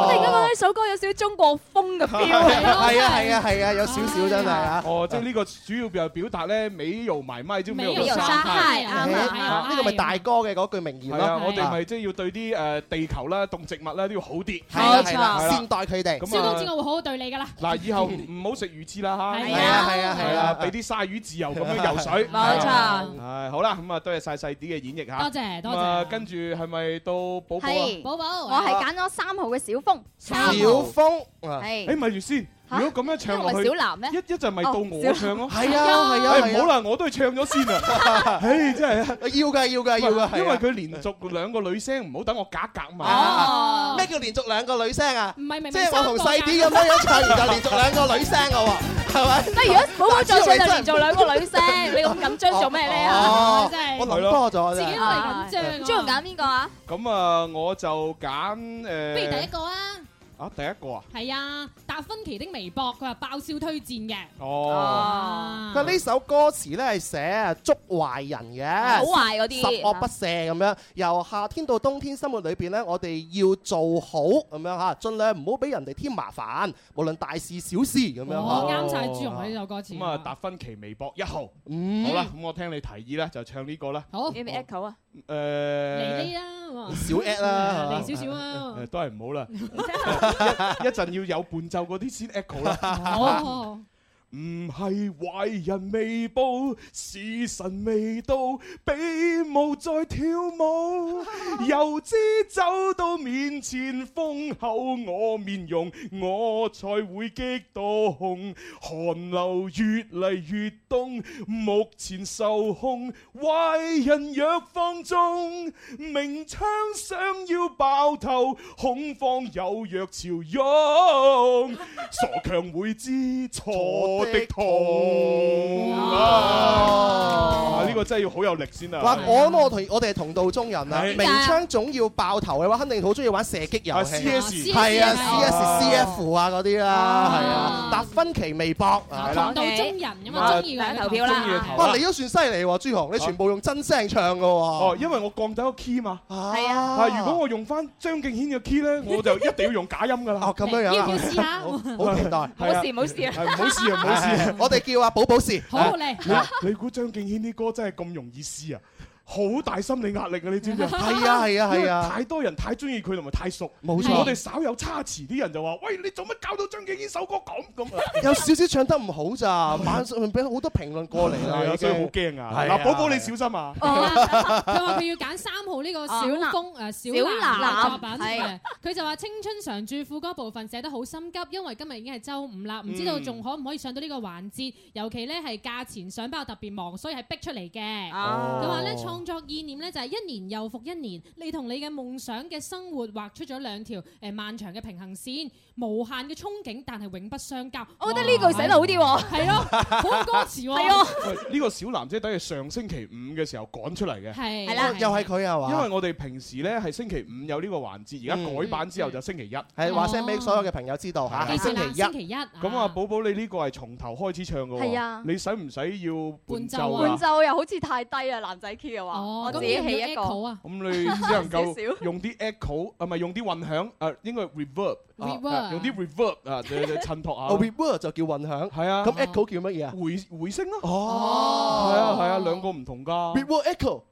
我哋覺得呢首歌有少少中國風嘅 feel 啊！係啊係啊係啊，有少少真係啊！哦，即係呢個主要就表達咧，美容埋咪，即係美容沙，係啱啦。呢個咪大哥嘅嗰句名言咯。係啊，我哋咪即係要對啲誒地球啦、動植物啦都要好啲，係啊，善待佢哋。燒冬至我會好好對你噶啦。嗱，以後唔好食魚翅啦吓。係啊係啊係啊，俾啲鯊魚自由咁樣游水。冇錯、嗯，係好啦，咁啊多謝細細啲嘅演繹嚇，多謝小小多謝。多謝，跟住係咪到寶寶？寶寶，我係揀咗三號嘅小峰。小峰，誒，咪住先。如果咁樣唱落去，一一陣咪到我唱咯。係啊，係啊，係唔好啦，我都係唱咗先啊。唉，真係要㗎，要㗎，要㗎。因為佢連續兩個女聲，唔好等我夾夾埋。咩叫連續兩個女聲啊？唔係明，即係我同細啲咁樣唱完就連續兩個女聲㗎喎，係咪？不如如果冇冇再唱就連續兩個女聲，你咁緊張做咩咧？真係我攔咗，自己都係緊張，中唔中？揀邊個啊？咁啊，我就揀誒。不如第一個啊。啊，第一個啊，係啊，達芬奇的微博佢話爆笑推薦嘅，哦，佢呢首歌詞咧係寫啊捉壞人嘅，好壞嗰啲，十惡不赦咁樣，由夏天到冬天生活裏邊咧，我哋要做好咁樣吓，儘量唔好俾人哋添麻煩，無論大事小事咁樣吓，啱晒朱紅呢首歌詞。咁啊，達芬奇微博一號，嗯，好啦，咁我聽你提議咧，就唱呢個啦，好，你咪 Echo 啊。誒嚟啲啦，少 at 啦，嚟少少啊，啊啊都係唔好啦， 一陣要有伴奏嗰啲先 echo 啦。 哦好好唔係壞人未報，時辰未到，比武再跳舞，油之走到面前，封口我面容，我才會激動，寒流越嚟越凍，目前受控，壞人若放縱，鳴槍想要爆頭，恐慌有若潮湧，傻強會知錯。錯。我的痛呢個真係要好有力先啊！哇！我我同我哋係同道中人啊！明槍總要爆頭嘅話，肯定好中意玩射擊遊戲。係啊！CS、CF 啊嗰啲啦，係啊！達芬奇微博，同道中人啊嘛！中意嘅投票啦！哇！你都算犀利喎，朱雄，你全部用真聲唱嘅喎。因為我降低個 key 嘛。係啊。如果我用翻張敬軒嘅 key 咧，我就一定要用假音㗎啦。咁樣樣。要唔要試好偉，冇事冇事啊！冇事啊！ 對對對我哋叫阿寶寶詩，好嚟。你估張敬軒啲歌真係咁容易撕啊？好大心理壓力啊！你知唔知？係啊係啊係啊！是啊是啊是啊，太多人太中意佢同埋太熟，冇錯。我哋稍有差池啲人就話、啊，喂，你做乜搞到張敬軒首歌咁咁 有少少唱得唔好咋，晚、啊、上俾好多評論過嚟啦、啊，所以好驚啊！嗱、啊啊，寶寶你小心啊！佢話佢要揀三號呢個小風誒、uh, 小藍作品佢就話青春常駐副歌部分寫得好心急，因為今日已經係周五啦，唔知道仲可唔可以上到呢個環節。嗯、尤其咧係價錢上比較特別忙，所以係逼出嚟嘅。佢話咧創。哦創作意念咧就係、是、一年又復一年，你同你嘅夢想嘅生活畫出咗兩條誒、呃、漫長嘅平衡線，無限嘅憧憬，但係永不相交。我覺得呢句寫得好啲、哦 對，係 咯，好歌詞喎、哦。係 咯、哎，呢、這個小男仔等係上星期五嘅時候趕出嚟嘅，係啦，又係佢啊。因為我哋平時咧係星期五有呢個環節，而家改版之後就星期一，係話聲俾所有嘅朋友知道嚇、啊。星期一，星期一，咁啊，啊寶寶你呢個係從頭開始唱嘅喎，係啊，你使唔使要伴奏啊？伴奏又好似太低啊，男仔哦，我自己起 echo 啊，咁你只能夠用啲 echo 啊，唔係用啲混響，啊，應該 reverb，用啲 reverb 啊，就就襯托下。reverb 就叫混響，係啊，咁 echo 叫乜嘢啊？回回聲咯。哦，係啊係啊，兩個唔同㗎。reverb echo。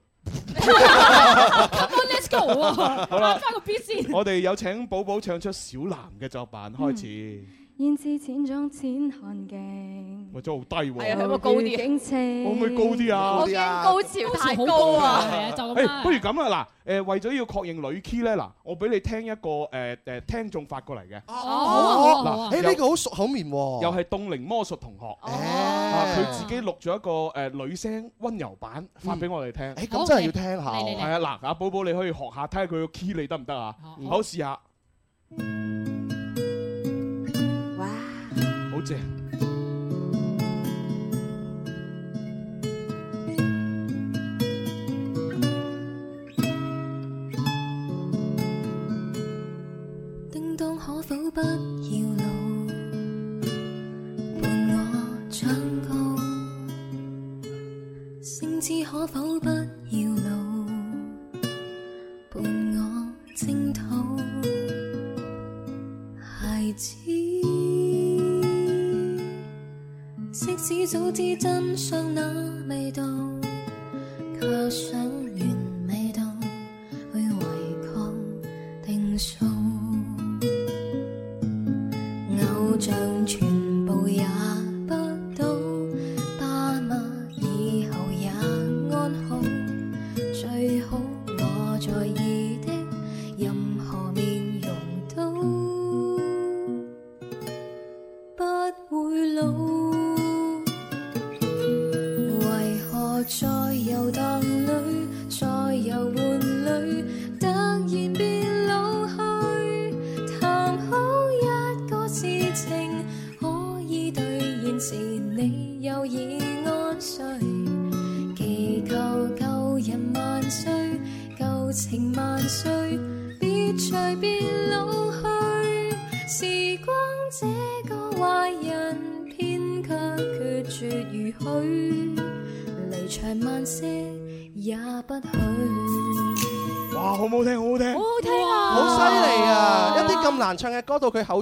Come on，let's go 啊！好啦，翻個 B 先。我哋有請寶寶唱出小藍嘅作品，開始。燕子剪窗淺寒鏡，或者好低喎、啊，我我可唔可以高啲？可唔可以高啲啊？我驚、啊、高潮太高,高,潮高啊！係 啊，就咁不如咁啊，嗱，誒為咗要確認女 key 咧，嗱，我俾你聽一個誒誒聽眾發過嚟嘅、哦。哦，好啊。嗱，誒呢、欸這個好熟口面喎、哦，又係凍齡魔術同學。哦。佢、啊啊、自己錄咗一個誒女聲温柔版、嗯、發俾我哋聽。哦、欸。咁真係要聽下。嚟係啊，嗱，阿寶寶你可以學下，睇下佢個 key 你得唔得啊？好,好試下。叮咚，可否不要老，伴我長高？星知可否不？只早知真相那味道，卻想完美到去違抗定數。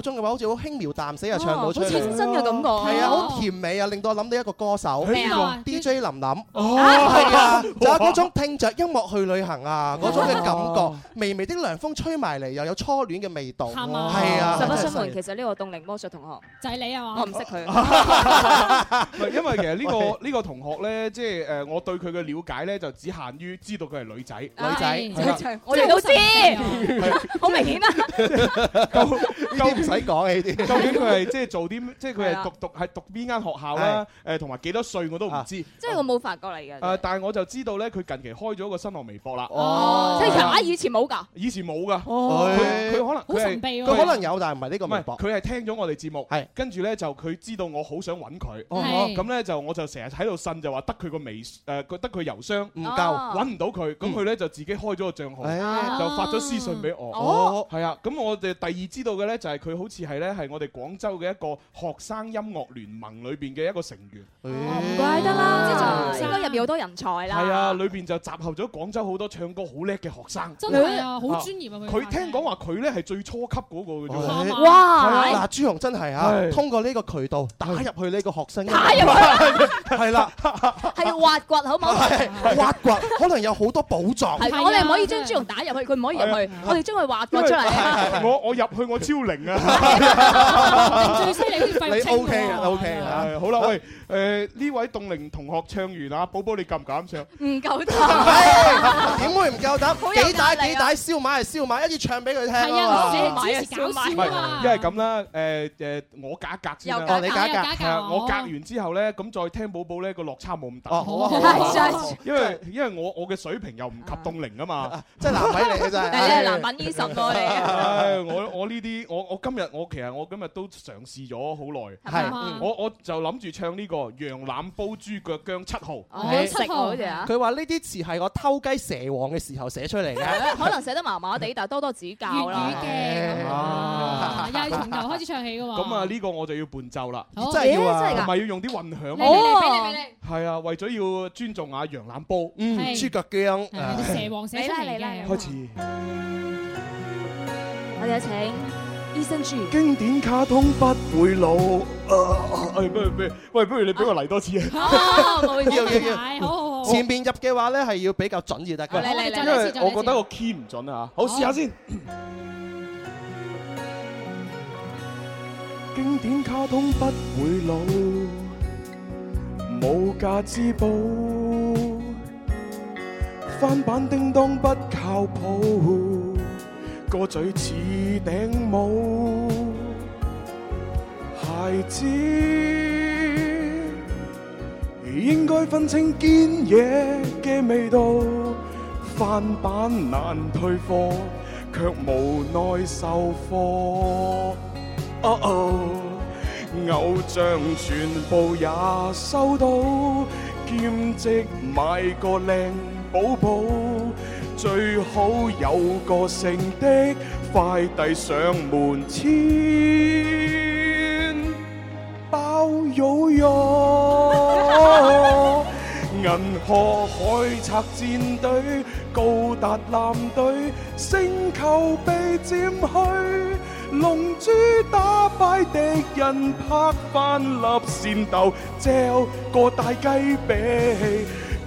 中嘅話好似好輕描淡寫啊、哦，唱到好似清新嘅感覺，係、哦、啊，好甜美啊，令到我諗到一個歌手。係林林，哦係啊，就係嗰種聽着音樂去旅行啊，嗰種嘅感覺，微微的涼風吹埋嚟，又有初戀嘅味道，係啊，實不相瞞，其實呢個動力魔術同學就係你啊嘛，我唔識佢。唔係，因為其實呢個呢個同學咧，即係誒，我對佢嘅了解咧，就只限於知道佢係女仔，女仔，我哋都知，好明顯啊，都唔使講呢啲，究竟佢係即係做啲，即係佢係讀讀係讀邊間學校啦，誒，同埋幾多歲我都唔知。即係我冇發過嚟嘅。誒、啊，但係我就知道咧，佢近期開咗個新浪微博啦。哦，即係以前冇㗎。以前冇㗎。佢、哦、可能好神秘佢、啊、可能有，但係唔係呢個微博。佢係聽咗我哋節目，係跟住咧就佢知道我好想揾佢。係、哦。咁、哦、咧、嗯、就我就成日喺度呻，就話得佢個微誒、呃，得佢郵箱唔夠揾唔到佢，咁佢咧就自己開咗個賬號、嗯，就發咗私信俾我。哦，係、哦、啊。咁我哋第二知道嘅咧就係、是、佢好似係咧係我哋廣州嘅一個學生音樂聯盟裏邊嘅一個成員。唔、哦、怪得啦。嗯。即係，入面好多人才啦。係啊，裏邊就集合咗廣州好多唱歌的好叻嘅學生。真係啊，好專業啊。佢聽講話，佢咧係最初級嗰個㗎咋。哇！嗱，朱紅真係啊，這 ocean, 通過呢個渠道打入去呢個學生個個。打入去係 對啦，係要挖掘，好唔好？挖 掘，可能有好多寶藏。 我哋唔可以將朱紅打入去，佢唔可以入去， 我哋將佢挖掘出嚟 。我我入去我招靈啊， 啊！最犀利，你 OK o、OK, k、啊、好啦，喂、欸，誒、哎，呢位凍齡同學。我唱完啦，寶寶你夠唔夠膽唱？唔夠膽，點會唔夠膽？幾大幾大？燒賣係燒賣，一於唱俾佢聽啊！燒賣，一係咁啦，誒誒，我隔一隔先啦，你隔一隔，我隔完之後咧，咁再聽寶寶咧個落差冇咁大。因為因為我我嘅水平又唔及凍齡啊嘛，即係男仔嚟㗎咋？你係男品二十多嚟啊！我我呢啲我我今日我其實我今日都嘗試咗好耐，係我我就諗住唱呢個羊腩煲豬腳。姜七號，哦、七號好似啊！佢話呢啲詞係我偷雞蛇王嘅時候寫出嚟嘅， 可能寫得麻麻地， 但多多指教啦。粵語、啊啊、 又係從頭開始唱起嘅喎。咁啊，呢、啊呢個我就要伴奏啦、哦，真係要啊，唔係要用啲混響。哦，係啊，啊，為咗要尊重阿羊腩煲，豬腳姜、蛇王寫出嚟嘅，開始。我哋有請。經典卡通不會老，誒不如不如，喂，不如你俾我嚟多次啊，啊， 啊！好，冇錯前面入嘅話咧，係要比較準嘅得㗎，因為我覺得個 key 唔準啊！好，好試下先。經典卡通不會老，無價之寶，翻版叮噹不靠譜。歌嘴似頂帽，孩子應該分清堅野嘅味道。翻版難退貨，卻無奈受貨。Uh -oh, 偶像全部也收到，兼職買個靚寶寶。.最好有個性的快遞上門簽，包郵喲，喲。 銀河海賊戰隊、高達艦隊、星球被占去，龍珠打敗敵人，拍返粒仙豆，嚼個大雞髀。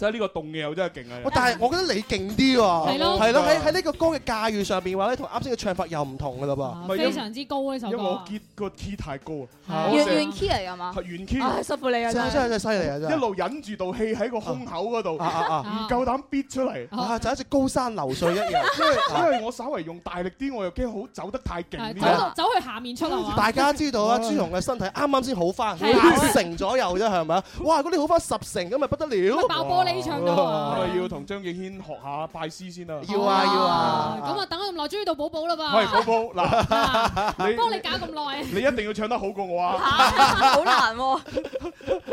真係呢個動嘅又真係勁啊！我但係我覺得你勁啲喎，係咯，係咯，喺喺呢個歌嘅駕馭上面嘅話咧，同啱先嘅唱法又唔同嘅嘞噃，非常之高呢首歌、啊。因為我結個 key 太高啊，原 key 係嘛？係原 key。唉，辛苦你啊！真係真係犀利啊！一路忍住道氣喺個胸口嗰度，啊啊、唔夠膽逼出嚟、啊啊啊啊啊啊、就係、一隻高山流水一樣， 因為因為我稍為用大力啲，我又驚好走得太勁、啊啊。走走去下面出、啊、大家知道啊，朱紅嘅身體啱啱先好翻五成左右啫，係咪啊？哇、啊！嗰啲好翻十成咁咪不得了。唱咯，我、哦、咪要同張敬軒學下拜師先啦、啊。要啊,啊要啊，咁啊,啊,啊等咗咁耐終於到寶寶啦噃。喂，寶寶，嗱、啊 啊，我幫你搞咁耐，你一定要唱得好過我啊, 啊，好難。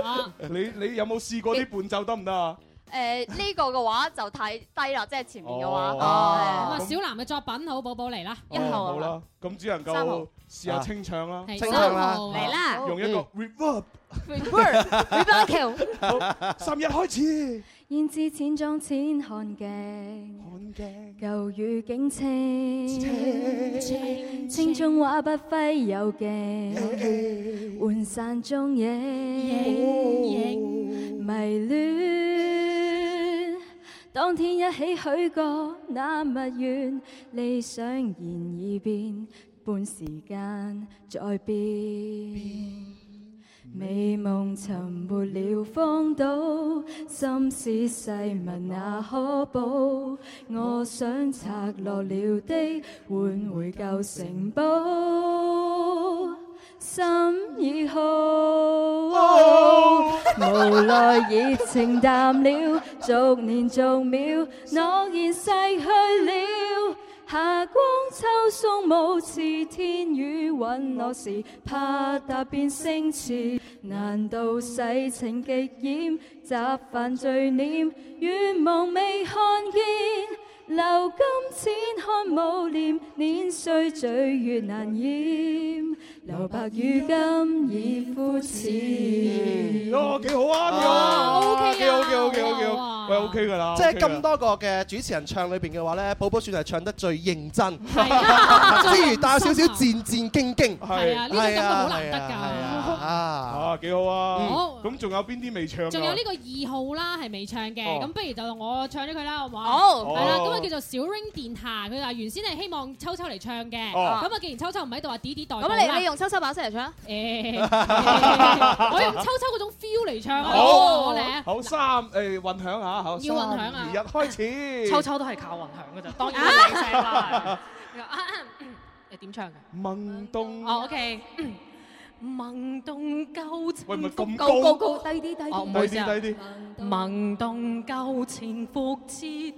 啊， 你你有冇試過啲伴奏得唔得啊？誒，呢、欸這個嘅話就太低啦，即係前面嘅話。哦，咁啊，小南嘅作品好，寶寶嚟啦，一號好啦。咁只能夠。試下清唱啦，清唱嚟啦！用一個 reverb，reverb，reverb 橋。Reverb, reverb, 好，三一開始。胭脂淺妝淺看鏡,鏡，舊雨景清。青春畫不揮有勁，渙散蹤影。迷戀,、哦、迷戀當天一起許過那麼願，理想然而變。半時間在變，美夢沉沒了荒島，心似世物那可保？我想拆落了的，換回舊城堡。心已耗，無奈熱情淡了，逐年逐秒，諾言逝去了。霞光秋送舞池，天雨隕落時。拍答變聲詞，難道世情極厭，雜犯罪念，願望未看見。留金錢看舞念年雖歲月難掩，留白如今已膚淺。幾、yeah, 好啊！Uh -huh. O K 噶啦，即係咁多個嘅主持人唱裏邊嘅話咧，寶寶算係唱得最認真，之餘帶少少戰戰兢兢，係 呢、啊、種感覺好難得噶，啊，幾、啊啊啊 啊、好啊！好、嗯，咁仲有邊啲未唱仲、啊、有呢個二號啦，係未唱嘅，咁、哦、不如就跟我唱咗佢啦，好唔好？好、哦，係啦、啊，咁啊叫做小 Ring 殿下，佢話原先係希望秋秋嚟唱嘅，咁、哦、啊、嗯、既然秋秋唔喺度，話啲啲代咁，你你用秋秋把聲嚟唱，誒、欸 欸，我用秋秋嗰種 feel 嚟唱，好，哦、好三，三誒混響下，要混響啊！日開始，秋秋都係靠混響㗎啫，當然係你成班。你 是吧、 oh, okay. 點唱嘅？萌動。哦，OK。萌動舊情復舊，高高低啲，唔好意思，低啲。萌動舊情復節，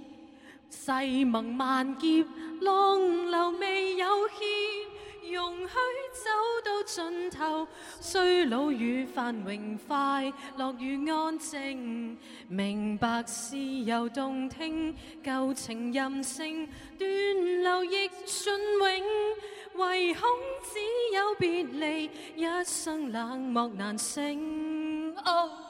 誓盟萬劫，浪流未有欠。容許走到盡頭，衰老與繁榮，快樂與安靜，明白是又動聽，舊情任性，斷流亦盡永，唯恐只有別離，一生冷漠難醒。Oh.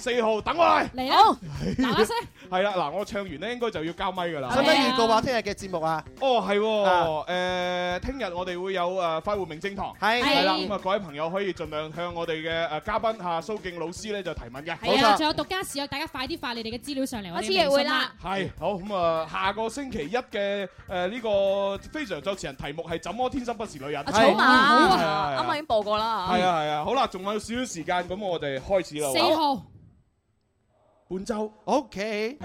四號等我嚟，好，藍色係啦，嗱，我唱完咧，應該就要交咪㗎啦。使唔使預告話聽日嘅節目啊？哦，係，誒，聽日我哋會有誒快活明正堂，係，係啦，咁啊，各位朋友可以盡量向我哋嘅誒嘉賓吓蘇敬老師咧就提問嘅，好啦，仲有獨家試藥，大家快啲發你哋嘅資料上嚟，我知嚟會啦，係，好，咁啊，下個星期一嘅誒呢個非常作詞人題目係怎麼天生不是女人，啊，草蜢，啱啱已經報過啦，係啊係啊，好啦，仲有少少時間，咁我哋開始啦，四號。本周，OK。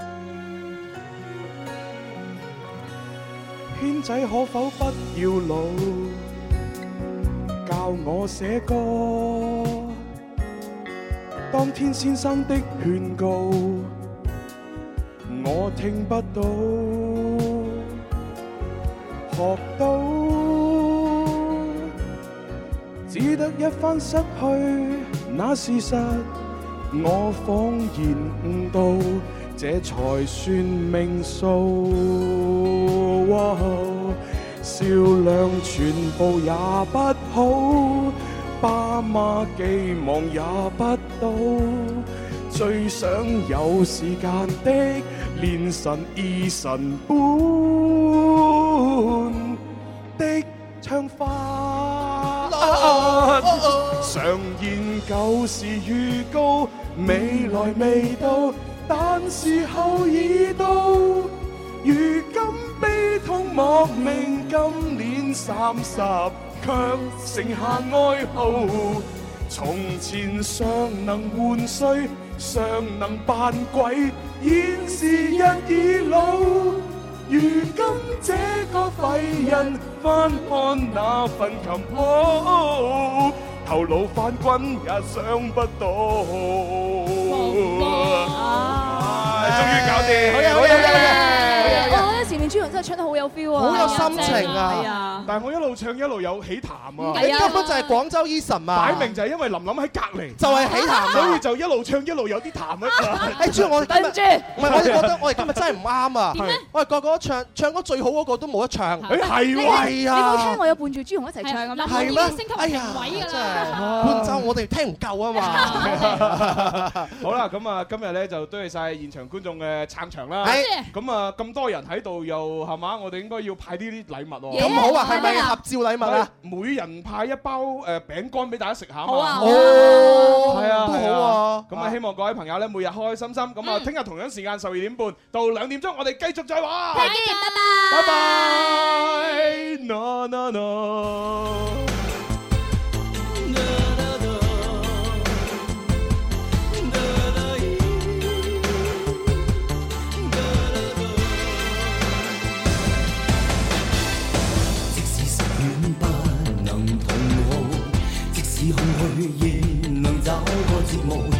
軒仔可否不要老？教我寫歌，當天先生的勸告，我聽不到，學到，只得一番失去那事實。我恍然悟道，這才算命數。笑靨全部也不好，爸媽寄望也不到，最想有時間的，連神異神般的唱法、啊，常見舊事預告。未來未到，但時候已到。如今悲痛莫名，今年三十卻剩下哀號。從前尚能換水，尚能扮鬼，現時日已老。如今這個廢人，翻看那份琴譜。Oh, oh, oh, oh, oh, oh. 頭腦翻滾也想不到，哦啊，終於搞掂！好嘢，好嘢，好嘢，好我覺、啊、得前面朱容真係唱得好有 feel 啊，好有心情啊。但係我一路唱一路有起痰啊！你根本就係廣州 Eason 啊！擺明就係因為林林喺隔籬，就係起痰，所以就一路唱一路有啲痰啊！哎，諸位我對唔住，唔係我哋覺得我哋今日真係唔啱啊！點呢？我哋個個都唱，唱得最好嗰個都冇得唱，係喎係啊！你冇聽我有伴住朱紅一齊唱咁啊？係咩？哎呀，位㗎啦！廣州我哋聽唔夠啊嘛！好啦，咁啊今日咧就多謝晒現場觀眾嘅撐場啦！係咁啊，咁多人喺度又係嘛？我哋應該要派啲啲禮物喎！咁好啊！合照禮物啦，每人派一包誒餅乾俾大家食下好啊。好，係啊，都好啊。咁啊，希望各位朋友咧每日開心心。咁啊，聽日同樣時間十二點半到兩點鐘，我哋繼續再話。係，拜拜。拜拜。No no no. 是空虛，亦能找個藉物。